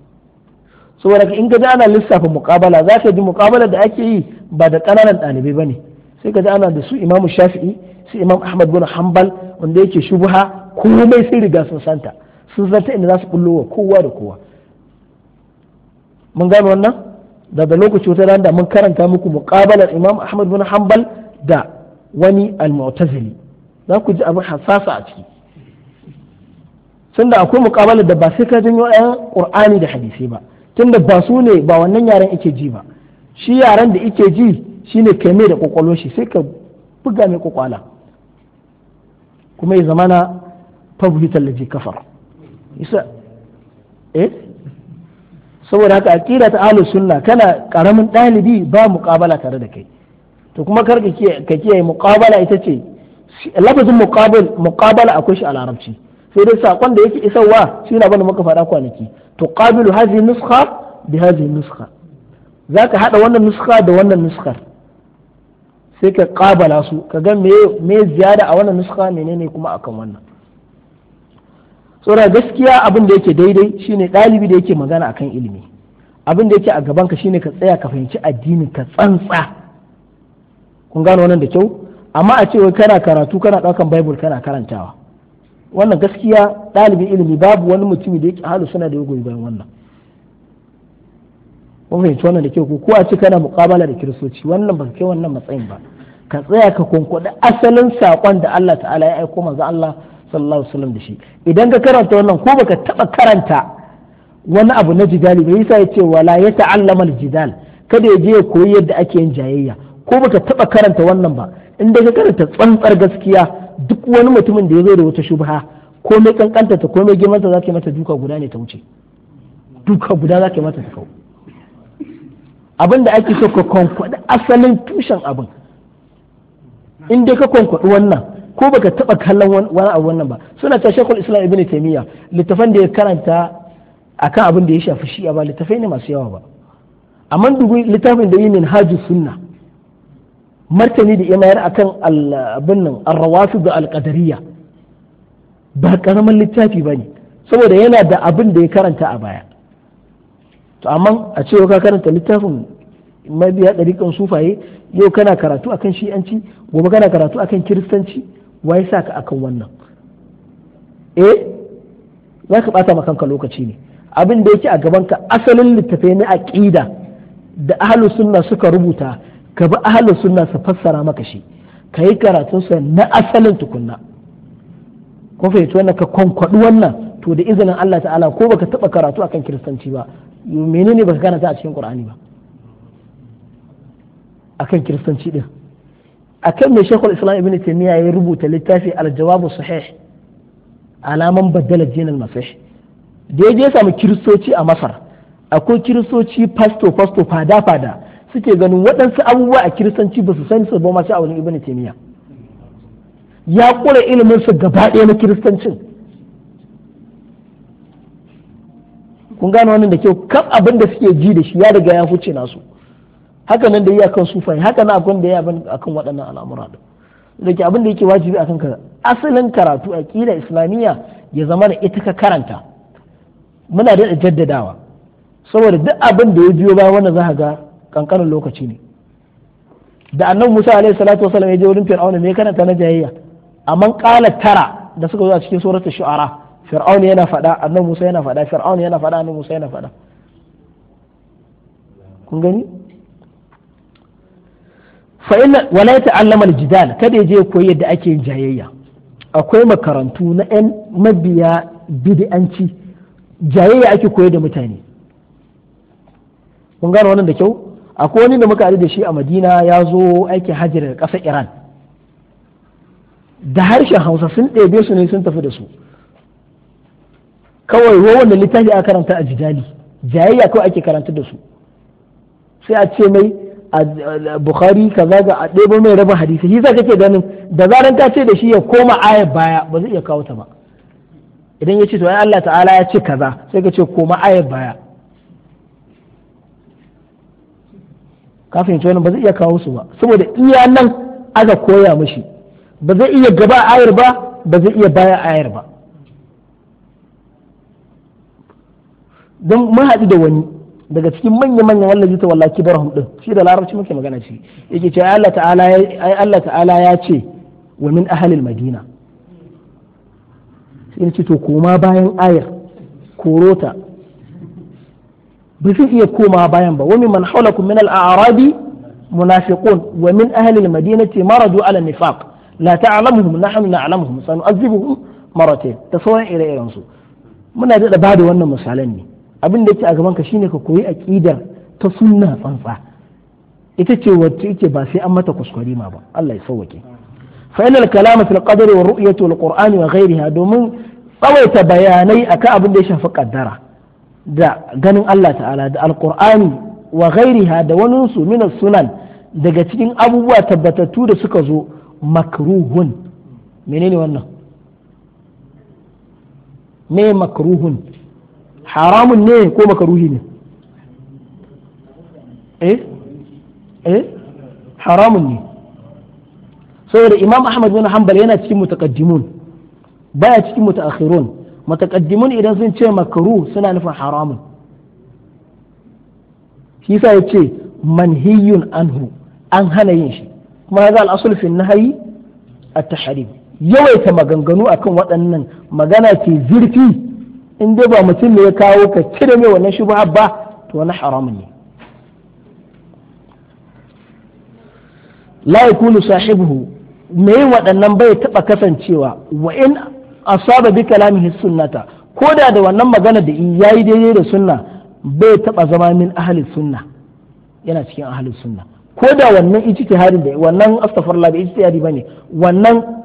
saboda in ka ji ana lissafa muƙabala za ka ji muƙabala da ake yi ba da ƙananan ɗalibai ba ne sai ka ji ana da su imam shafi'i su imam ahmad bin hanbal wanda yake shubuha komai sai riga sun santa sun zanta inda za su bullo wa kowa da kowa mun gano wannan daga lokaci wata da mun karanta muku muqabalar imam ahmad bin hanbal da wani al-mu'tazili za ku ji abin hasasa a ciki tunda akwai muƙabalar da ba sai ka janyo ɗayan ƙur'ani da hadisi ba tunda ba su ne ba wannan yaren ake ji ba shi yaren da ike ji shi ne kai mai da kwakwalo shi sai ka buga mai kwakwala kuma ya zamana fabhitar da kafar isa eh saboda haka aqida ta ahlus sunna kana karamin ɗalibi ba muqabala tare da kai to kuma kar ka kiyaye muqabala ita ce lafazin muqabil muqabala akwai shi a larabci sai dai sakon da yake isarwa shi na bane muka faɗa kwanaki to qabilu hadhihi nuskha bi hadhihi nuskha zaka hada wannan nuskha da wannan nuskar sai ka kabala su ka ga me me ziyada a wannan nuskha menene kuma akan wannan tsora gaskiya abin da yake daidai shine ɗalibi da yake magana akan ilimi abin da yake a gabanka shine ka tsaya ka fahimci addini ka tsantsa kun gano wannan da kyau amma a ce wai kana karatu kana ɗaukan bible kana karantawa wannan gaskiya ɗalibin ilimi babu wani mutumi da yake halu suna da goyi bayan wannan mun fahimci wannan da kyau ko ko a ce kana muƙabala da kiristoci wannan ba kai wannan matsayin ba ka tsaya ka kunkuɗi asalin saƙon da Allah ta'ala ya aiko manzo Allah sallallahu alaihi wasallam da shi idan ka karanta wannan ko baka taba karanta wani abu na jidali bai yasa yace wala ya ta'allama al-jidal kada yaje je ya koyi yadda ake yin jayayya ko baka taba karanta wannan ba in da ka karanta tsantsar gaskiya duk wani mutumin da ya da wata shubha ko mai kankanta ta ko mai girman ta zaka mata duka guda ne ta wuce duka guda zaka mata ta kau abinda ake so ka konkwada asalin tushen abin in dai ka kwankwadi wannan ko baka taba kallon wani abu wannan ba suna ta shekul islam ibn taimiyya littafan da ya karanta akan abin da ya shafi shi'a ba littafai ne masu yawa ba amma dubu littafin da yi min haji sunna martani da imayar akan abin nan arrawasu da qadariyya ba karamin littafi ba ne saboda yana da abin da ya karanta a baya to amma a cewa ka karanta littafin mabiya ɗariƙan sufaye yau kana karatu akan shi'anci gobe kana karatu akan kiristanci wai sa ka akan wannan eh za ka bata kanka lokaci ne abin da yake a gaban ka asalin littafai na aƙida da ahlus sunna suka rubuta ka bi ahlus sunna su fassara maka shi ka karatun sa na asalin tukunna ko fahimci wannan ka kwankwaɗi wannan to da izinin Allah ta'ala ko baka taɓa karatu akan kiristanci ba menene baka karanta a cikin qur'ani ba akan kiristanci din a kan mai shekul islam ibn taymiya ya rubuta littafi al-jawabu sahih alaman baddala dinin masih da ya je samu kiristoci a masar akwai kiristoci pasto pasto fada fada suke ganin waɗansu abubuwa a kiristanci ba su sani su ba masu a wurin ibn taymiya ya ƙura ilimin su gaba ɗaya na kiristancin kun gane wannan da kyau kan abin da suke ji da shi ya riga ya huce nasu haka nan da yi akan sufai haka nan akwai da yi akan waɗannan al'amura da ke abin da yake wajibi akan ka asalin karatu a kila islamiyya ya zama da ita ka karanta muna da jaddadawa saboda duk abin da ya biyo ba wanda za ga kankanin lokaci ne da annabi Musa alaihi salatu wasallam ya je wurin fir'aun me karanta na jayayya amma kala tara da suka zo a cikin suratul shu'ara fir'aun yana faɗa annabi Musa yana faɗa fir'aun yana faɗa annabi Musa yana faɗa kun gani fa inna wala yata'allama al-jidal kada ya je koyi yadda ake yin jayayya akwai makarantu na yan mabiya bid'anci jayayya ake koyar da mutane kun gane wannan da kyau akwai wani da muka haɗu da shi a madina ya zo aikin hajji daga ƙasar iran da harshen hausa sun ɗebe su ne sun tafi da su kawai wanda littafi a karanta a jidali jayayya kawai ake karanta da su sai a ce mai bukhari kaza ga a ɗebo mai rabin hadisi shi sa kake ganin da zaran ka ce da shi ya koma aya baya ba zai iya kawo ta ba idan ya ce to ai Allah ta'ala ya ce kaza sai ka ce koma aya baya fahimci wannan ba zai iya kawo su ba saboda iya nan aka koya mishi ba zai iya gaba ayar ba ba zai iya baya ayar ba don mun haɗu da wani daga cikin manya manya wallazi ta wallahi kibarhum din shi da larabci muke magana shi yake ce Allah ta'ala ai Allah ta'ala ya ce wa min ahlil madina sai ya ce to koma bayan ayar korota ba zai iya koma bayan ba wani man haulakum min al-a'rabi munafiqun wa min ahli al-madinati maradu ala nifaq la ta'lamuhum nahnu na'lamuhum sanu'adhibuhum marratayn da sauran ire-iren su muna da bada wannan misalan ne abin da yake a gaban ka shine ka koyi aqidar ta sunna tsantsa ita ce wacce yake ba sai an mata kuskure ma ba Allah ya sauwake fa inal kalama fil qadari wa ru'yati wal qur'ani wa ghayriha domin tsawaita bayanai akan abin da ya shafi kaddara da ganin Allah ta'ala da alqur'ani wa ghayriha da wani su min sunan daga cikin abubuwa tabbatattu da suka zo makruhun menene wannan me makruhun haramun ne ko makaruhi ne eh eh haramun ne saboda imam ahmad bin hanbal yana cikin mutaqaddimun baya cikin mutaakhirun mutaqaddimun idan sun ce makaruh suna nufin haramun shi ya ce manhiyun anhu an hana yin shi kuma ya al-asl fi nahyi at-tahrim yawaita maganganu akan waɗannan magana ke zurfi in dai ba mutum ne ya kawo ka cire mai wannan shi ba to wani haramun ne la yakunu sahibuhu mai waɗannan bai taɓa kasancewa wa in asaba bi kalamihi sunnata ko da da wannan magana da yayi daidai da sunna bai taɓa zama min ahli sunna yana cikin ahli sunna ko da wannan ijtihadin da wannan astaghfirullah bai ijtihadi bane wannan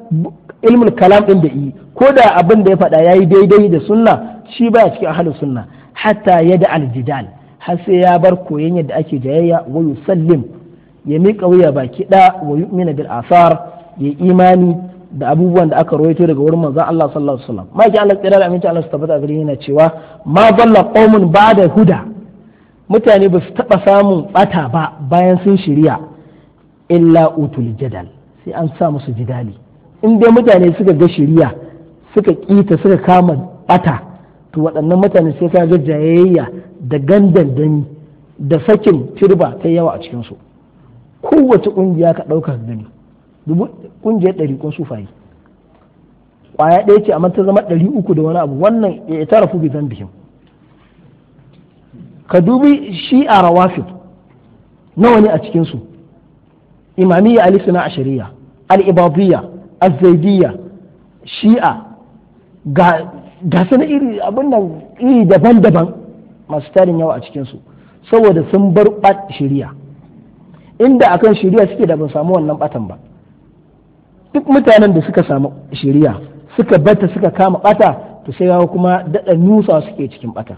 Ilmin kalam ɗin da yi ko da abin da ya faɗa ya yi daidai da sunna shi baya cikin ahlus sunna hatta ya da aljidal har sai ya bar koyon yadda ake jayayya wa yusallim ya miƙa wuya baki da wa yu'mina bil asar ya imani da abubuwan da aka rawaito daga wurin manzon Allah sallallahu alaihi wasallam maki Allah tsira da aminci Allah su tabbata gare yana cewa ma dalla qaumun ba'da huda mutane ba su taba samun bata ba bayan sun shirya illa utul jadal sai an sa musu jidali in dai mutane suka ga shirya suka kita suka kama bata to waɗannan mutane sai ka ga jayayya da gandandani da sakin turba ta yawa a cikinsu kowace ƙungiya ka ɗauka gani ƙungiyar ko sufayi ƙwaya ɗaya ce amma ta zama ɗari uku da wani abu wannan ya eh, tara fubi zan bihim ka dubi shi a rawafin nawa ne a cikinsu imamiyya alisuna a shari'a al-ibadiyya azzaidiyya shi'a ga ga na iri abin nan iri daban-daban masu tarin yawa a cikinsu saboda sun bar bat shari'a inda akan shari'a suke da ban samu wannan batan ba duk mutanen da suka samu shari'a suka bata suka kama bata to sai yawo kuma daɗa nusa suke cikin bata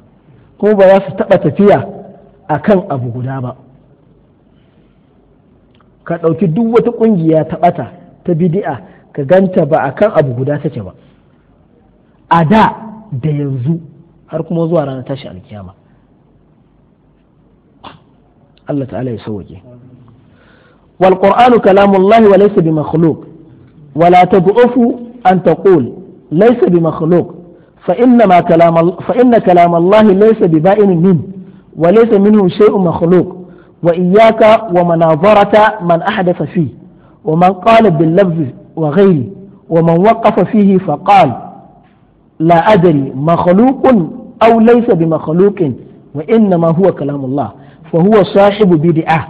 kuma ba za su taɓa tafiya akan abu guda ba ka ɗauki duk wata ƙungiya ta bata ta bidi'a ka ganta ba a kan abu guda take ba a da da yanzu har kuma zuwa ranar tasha alkiyama Allah ta'ala ya sauke wal qur'anu kalamullahi wa laysa bi makhluq wa la tad'ufu an taqul laysa bi fa inna ma kalam fa inna kalam Allah bi ba'in min wa laysa minhu shay'un makhluq wa iyyaka wa manazarata man ahdatha fi wa man qala bil وغيره ومن وقف فيه فقال لا أدري مخلوق أو ليس بمخلوق وإنما هو كلام الله فهو صاحب بدعة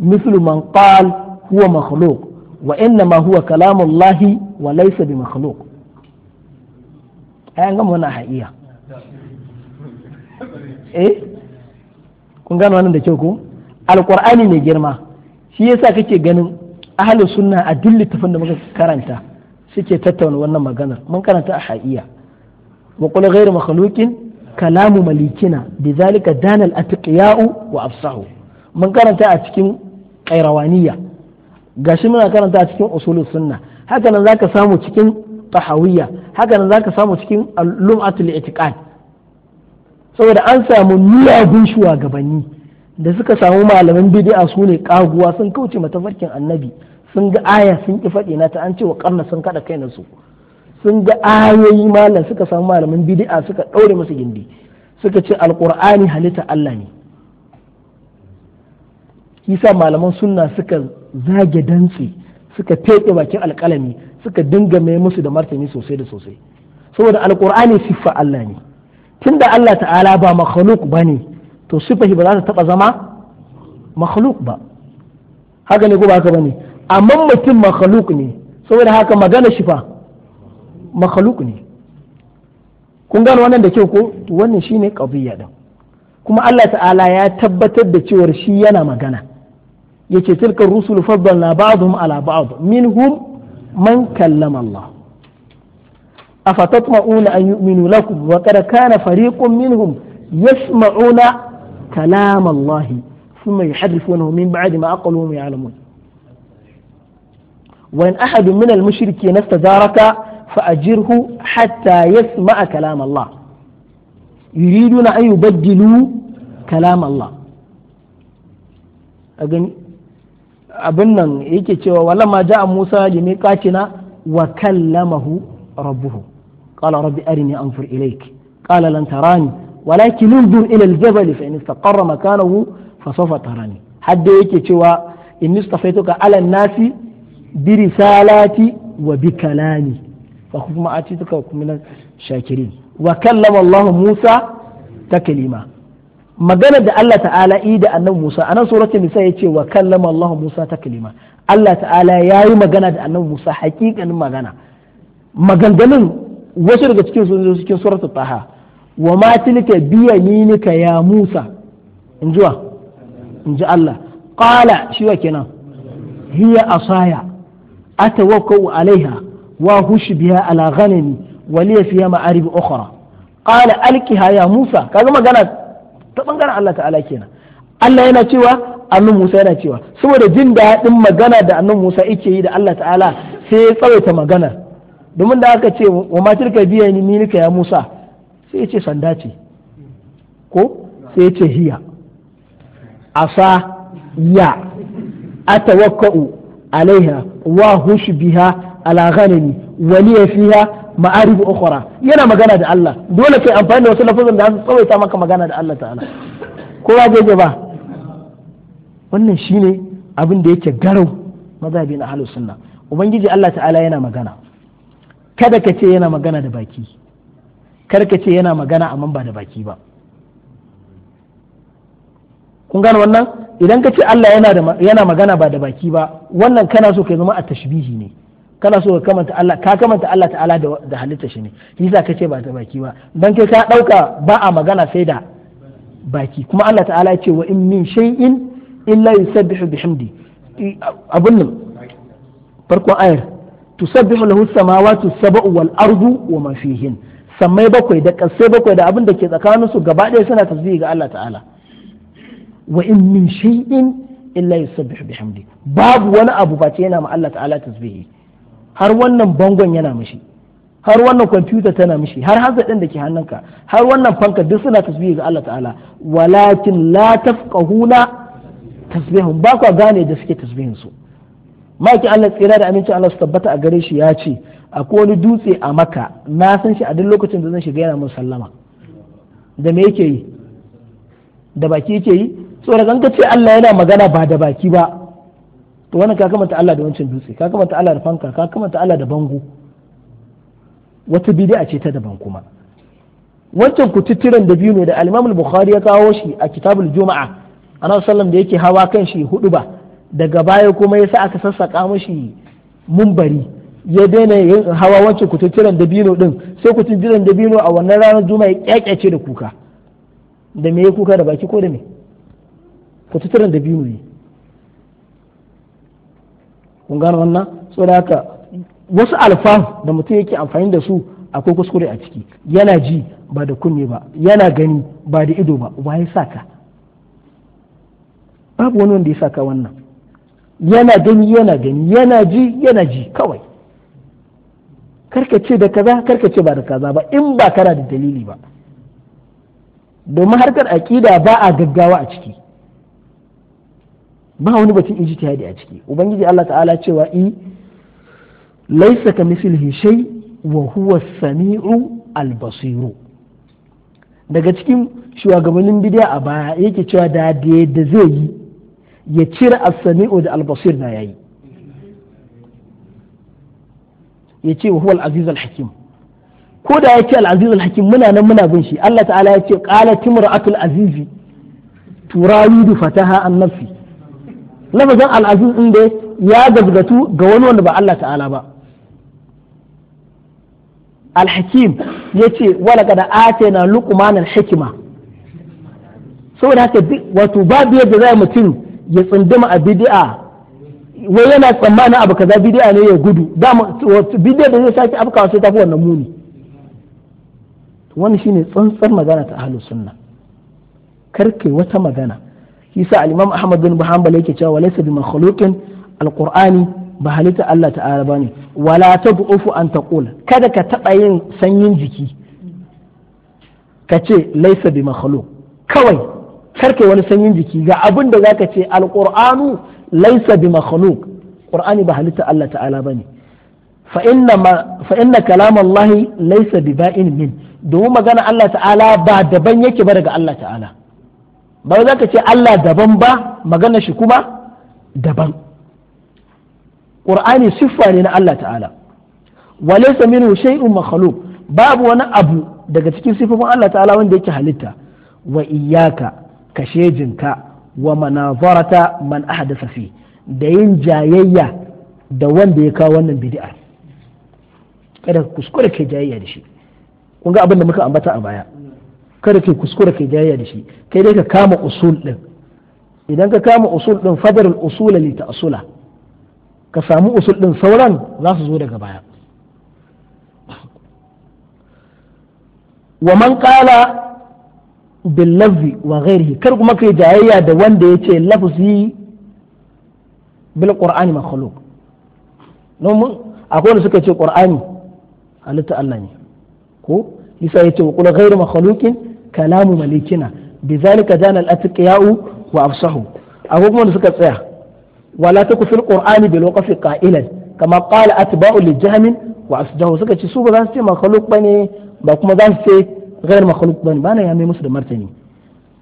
مثل من قال هو مخلوق وإنما هو كلام الله وليس بمخلوق أنا gama حقيقة eh kun gano wannan da kyau ko alkur'ani mai girma shi yasa kake ganin ahlus sunna a duk littafin da muka karanta suke tattauna wannan maganar mun karanta a ha'iya wa qul ghayru makhluqin kalamu malikina zalika danal atqiya'u wa afsahu mun karanta a cikin qairawaniya gashi muna karanta a cikin usulus sunna haka nan zaka samu cikin tahawiyya haka nan zaka samu cikin lum'atul itiqad saboda an samu miyagun shugabanni da suka samu malaman bid'a su ne kaguwa sun kauce matafarkin annabi sun ga aya sun ki faɗi na ta an ce wa ƙarna sun kaɗa kai na su sun ga ayoyi malam suka samu malaman bid'a suka ɗaure musu gindi suka ce alƙur'ani halitta Allah ne kisa malaman sunna suka zage dantse suka feke bakin alƙalami suka dinga mai musu da martani sosai da sosai saboda alƙur'ani siffa Allah ne tunda Allah ta'ala ba makhluk bane to sifahi ba za ta taɓa zama makhluk ba haka ne ko ba haka bane amma mutum makhluk ne saboda haka magana shi fa makhluk ne kun gano wannan da kyau ko wannan shi ne din kuma Allah ta'ala ya tabbatar da cewar shi yana magana yace tilka rusul faddalna ba'dhum ala ba'd minhum man kallama Allah afatatma'una an yu'minu lakum wa qad kana fariqun minhum yasma'una كلام الله ثم يحرفونه من بعد ما أقلوا وهم يعلمون وإن أحد من المشركين استجارك فأجره حتى يسمع كلام الله يريدون أن يبدلوا كلام الله abin nan yake cewa wala ma ja'a Musa li miqatina wa kallamahu rabbuhu qala rabbi arini anfur ilayk qala lan tarani walakin nunzur ila aljabal fa in istaqarra makanahu fa sawfa tarani hadda yake cewa in istafaituka ala nasi biri salati wa bi kalami fa kuma atituka kuma shakirin wa kallama Allah Musa taklima magana da Allah ta'ala yi da annabi Musa a nan suratul nisa yace wa kallama Allah Musa taklima Allah ta'ala yayi magana da annabi Musa hakikanin magana maganganun wasu daga cikin sun zo cikin suratul taha wa ma tilka biyaminika ya Musa in jiwa in ji Allah qala shi wa kenan hiya asaya atawakkau alaiha wa hushi biha ala ghanami wa liya fiha ma'arib ukhra qala alqiha ya Musa kaga magana ta bangaren Allah ta'ala kenan Allah yana cewa annabi Musa yana cewa saboda jin daɗin magana da annabi Musa yake yi da Allah ta'ala sai ya tsawaita magana domin da aka ce wa matirka biya ni ni ya Musa sai ya ce sanda ce ko sai ya ce hiya asa ya atawakka'u alaiha wa hush biha ala wani wa liya fiha ma'arif ukhra yana magana da Allah dole kai amfani da wasu lafazan da su ta maka magana da Allah ta'ala ko ya zai ba wannan shine abin da yake garau mazhabin ahlus sunna ubangiji Allah ta'ala yana magana kada ka ce yana magana da baki karka ce yana magana amma ba da baki ba kun gane wannan idan ka ce Allah yana magana ba da baki ba wannan kana so ka zama a tashbihi ne kana so ka kamanta Allah ka kamanta Allah ta'ala da halitta shi ne yasa ka ce ba da baki ba dan kai ka ɗauka ba a magana sai da baki kuma Allah ta'ala ya ce wa in min shay'in illa yusabbihu bihamdi abun nan farkon ayar tusabbihu lahu samawati sab'u wal ardu wa ma fihin sammai bakwai da ƙasai bakwai da abin da ke tsakaninsu gaba ɗaya suna tasbihi ga Allah ta'ala wa in min shay'in illa yusabbihu bihamdi babu wani abu face yana ma Allah ta'ala tasbihi har wannan bangon yana mishi har wannan kwamfuta tana mishi har din da ke hannunka har wannan fanka duk suna tasbihi ga Allah ta'ala walakin la tafqahuna tasbihun ba ku gane da suke tasbihin su maki Allah tsira da amincin Allah su tabbata a gare shi ya ce akwai wani dutse a maka na san shi a duk lokacin da zan shiga yana mun sallama da me yake yi da baki yake yi saboda an ka ce Allah yana magana ba da baki ba to wannan ka kamata Allah da wancan dutse ka kamata Allah da fanka ka kamata Allah da bango wata bid'a ce ta daban kuma wancan kututturen da biyu ne da al-Imam al-Bukhari ya kawo shi a kitabul Juma'a ana sallam da yake hawa kan shi hudu ba daga baya kuma yasa aka sassaka mishi mumbari ya daina yin hawa wancan kiran dabino din sai jiran dabino a wannan ranar juma'a ya kyakyace da kuka da me ya kuka da baki ko da me kututturen dabino ne kun gano wannan saboda haka wasu alfan da mutum yake amfani da su akwai kuskure a ciki yana ji ba da kunne ba yana gani ba da ido ba wa ya saka babu wani wanda ya saka wannan yana gani yana gani yana ji yana ji kawai karka ce da kaza karka ce ba da kaza ba in ba kana da dalili ba domin harkar aƙida ba a gaggawa a ciki ba wani batun ijtihadi a ciki ubangiji Allah ta'ala cewa i laisa ka mislihi shay wa huwa samiu albasiru daga cikin shugabannin bidiya a baya yake cewa da da zai yi ya cire as-sami'u da al-basir na yayi ya ce wa huwal aziz al ko da ya ce al-aziz al-hakim muna nan muna bin shi Allah ta'ala ya ce qala timra'atul azizi turawidu fataha an nafsi lafazin al-aziz din da ya gazgatu ga wani wanda ba Allah ta'ala ba al-hakim yace wala kada atayna luqman al-hikma saboda haka duk wato babu yadda zai mutum ya tsunduma a bid'a wai yana tsammanin abu kaza bid'a ne ya gudu dama bidiyo da zai sake afkawa sai ta fi wannan muni wani shine tsantsar magana ta ahlu sunna karkai wata magana yasa al-imam ahmad bin muhammad yake cewa walaysa bi makhluqin al-qur'ani ba halitta Allah ta'ala bane wala tabufu an taqula kada ka taba yin sanyin jiki ka ce laysa bi makhluq kawai karkai wani sanyin jiki ga abin da zaka ce al-qur'anu laisa bi makhluq qur'ani ba halitta Allah ta'ala bane fa inna ma fa inna kalam Allah laisa bi ba'in min domin magana Allah ta'ala ba daban yake ba daga Allah ta'ala ba za ka ce Allah daban ba magana shi kuma daban qur'ani siffa ne na Allah ta'ala wa laysa minhu shay'un makhluq babu wani abu daga cikin sifofin Allah ta'ala wanda yake halitta wa iyyaka ka wa manazarata man ahdasa fi da yin jayayya da wanda ya kawo wannan bid'a kada ku kuskure kai jayayya da shi kun ga abin da muka ambata a baya kada kai kuskure kai jayayya da shi kai dai ka kama usul din idan ka kama usul din fadar usula li ta'sula ka samu usul din sauran za su zo daga baya wa man qala bil lafzi wa ghairihi kar kuma kai jayayya da wanda ya ce bil qur'ani makhluq domin akwai wanda suka ce qur'ani halitta Allah ne ko ya ce wa qul ghairu makhluqin kalamu malikina bizalika dana al atqiya'u wa afsahu akwai kuma wanda suka tsaya wala taku fil qur'ani bil waqfi qa'ilan kama qala atba'u li jahmin wa asdahu suka ce su ba za su ce ba ne ba kuma za su ce غير مخلوق بني بانا يا مي مسلم مرتني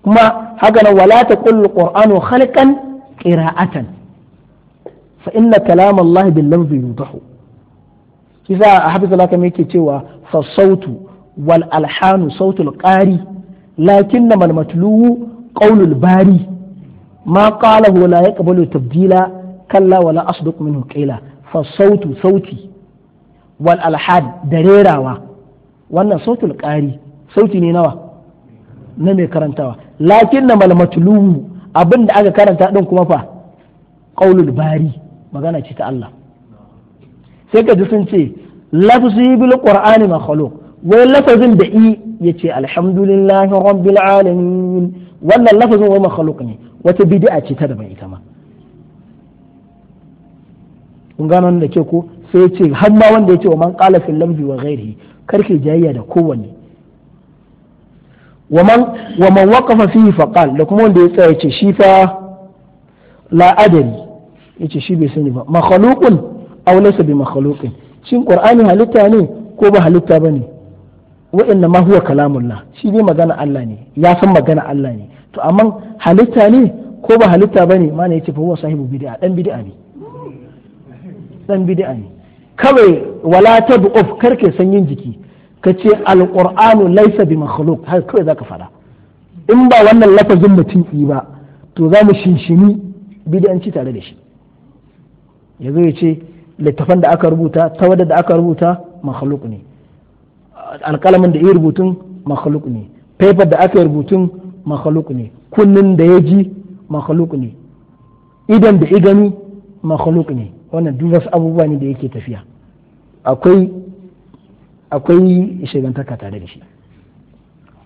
كما هكذا ولا تقل القرآن خلقا قراءة فإن كلام الله باللفظ يوضح إذا أحبث الله كما يكي فالصوت والألحان صوت القاري لكنما المتلو قول الباري ما قاله لا يقبل تبديلا كلا ولا أصدق منه قيلا فالصوت صوتي والألحان دريراوة wannan sautul ƙari sauti ne nawa na mai karantawa lakin na malmatulubu abin da aka karanta din kuma fa qaulul bari magana ce ta Allah sai ka ji sun ce lafzi bil qur'ani makhluq wai lafazin da i yace alhamdulillahi rabbil alamin wannan lafazin wai makhluq ne wata bid'a ce ta daban ita ma kun gano da ke ko sai ce har ma wanda ce wa man qala fil lamzi wa ghairihi karke jayayya da kowanne wa man waqafa fi faqal da kuma wanda ya tsaya ce shi fa la adari yace shi bai sani ba makhluqun aw laysa bi makhluqin halitta ne ko ba halitta bane na ma kalamun kalamullah shi dai magana Allah ne ya san magana Allah ne to amma halitta ne ko ba halitta bane mana yace fa huwa sahibu bid'a dan bid'a ne dan bid'a ne kawai wala tad'uf karke san yin jiki ka ce alƙur'anu laisa bi makhluk har kawai zaka fada in ba wannan lafazin mutum yi ba to za mu shinshini bidanci tare da shi ya zo ya ce littafan da aka rubuta tawadda da aka rubuta makhluk ne alƙalamin da ya rubutun makhluk ne paper da aka rubutun makhluk ne kunnin da ya ji makhluk ne idan da igani makhluk ne wannan duk wasu abubuwa ne da yake tafiya akwai akwai shagantaka tare da shi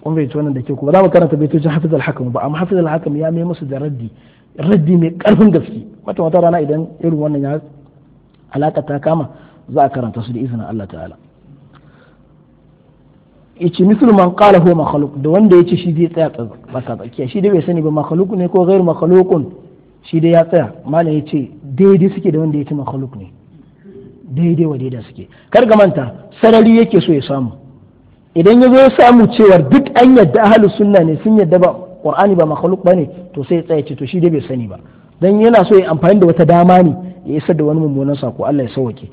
kun bai wannan da ke kuma za mu karanta bai hafiz al hakan ba amma hafizal hakan ya mai musu da raddi raddi mai karfin gaske wata wata rana idan irin wannan ya alaka ta kama za a karanta su da izinin Allah ta'ala yace mislu man qala huwa makhluq da wanda yace shi zai tsaya tsaka tsakiya shi dai bai sani ba makhluq ne ko ghairu makhluqun shi dai ya tsaya malai yace daidai suke da wanda yace makhluq ne daidai wa da suke kar ga manta sarari yake so ya samu idan ya zo ya samu cewar duk an yadda ahlus sunna ne sun yadda ba ƙur'ani ba makhluk bane to sai ya tsaya ce to shi dai bai sani ba dan yana so ya amfani da wata dama ne ya isa da wani mummunan sako Allah ya sauke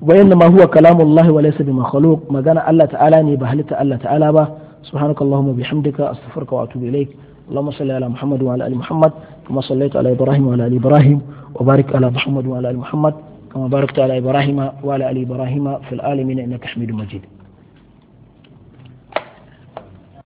wayanna ma huwa kalamullahi wa laysa bi makhluk magana Allah ta'ala ne ba halitta Allah ta'ala ba subhanakallahumma bihamdika astaghfiruka wa atubu ilaik اللهم صل على محمد وعلى ال محمد كما صليت على ابراهيم وعلى ال ابراهيم وبارك على محمد وعلى ال محمد كما باركت على إبراهيم وعلى آل إبراهيم في العالمين إنك حميد مجيد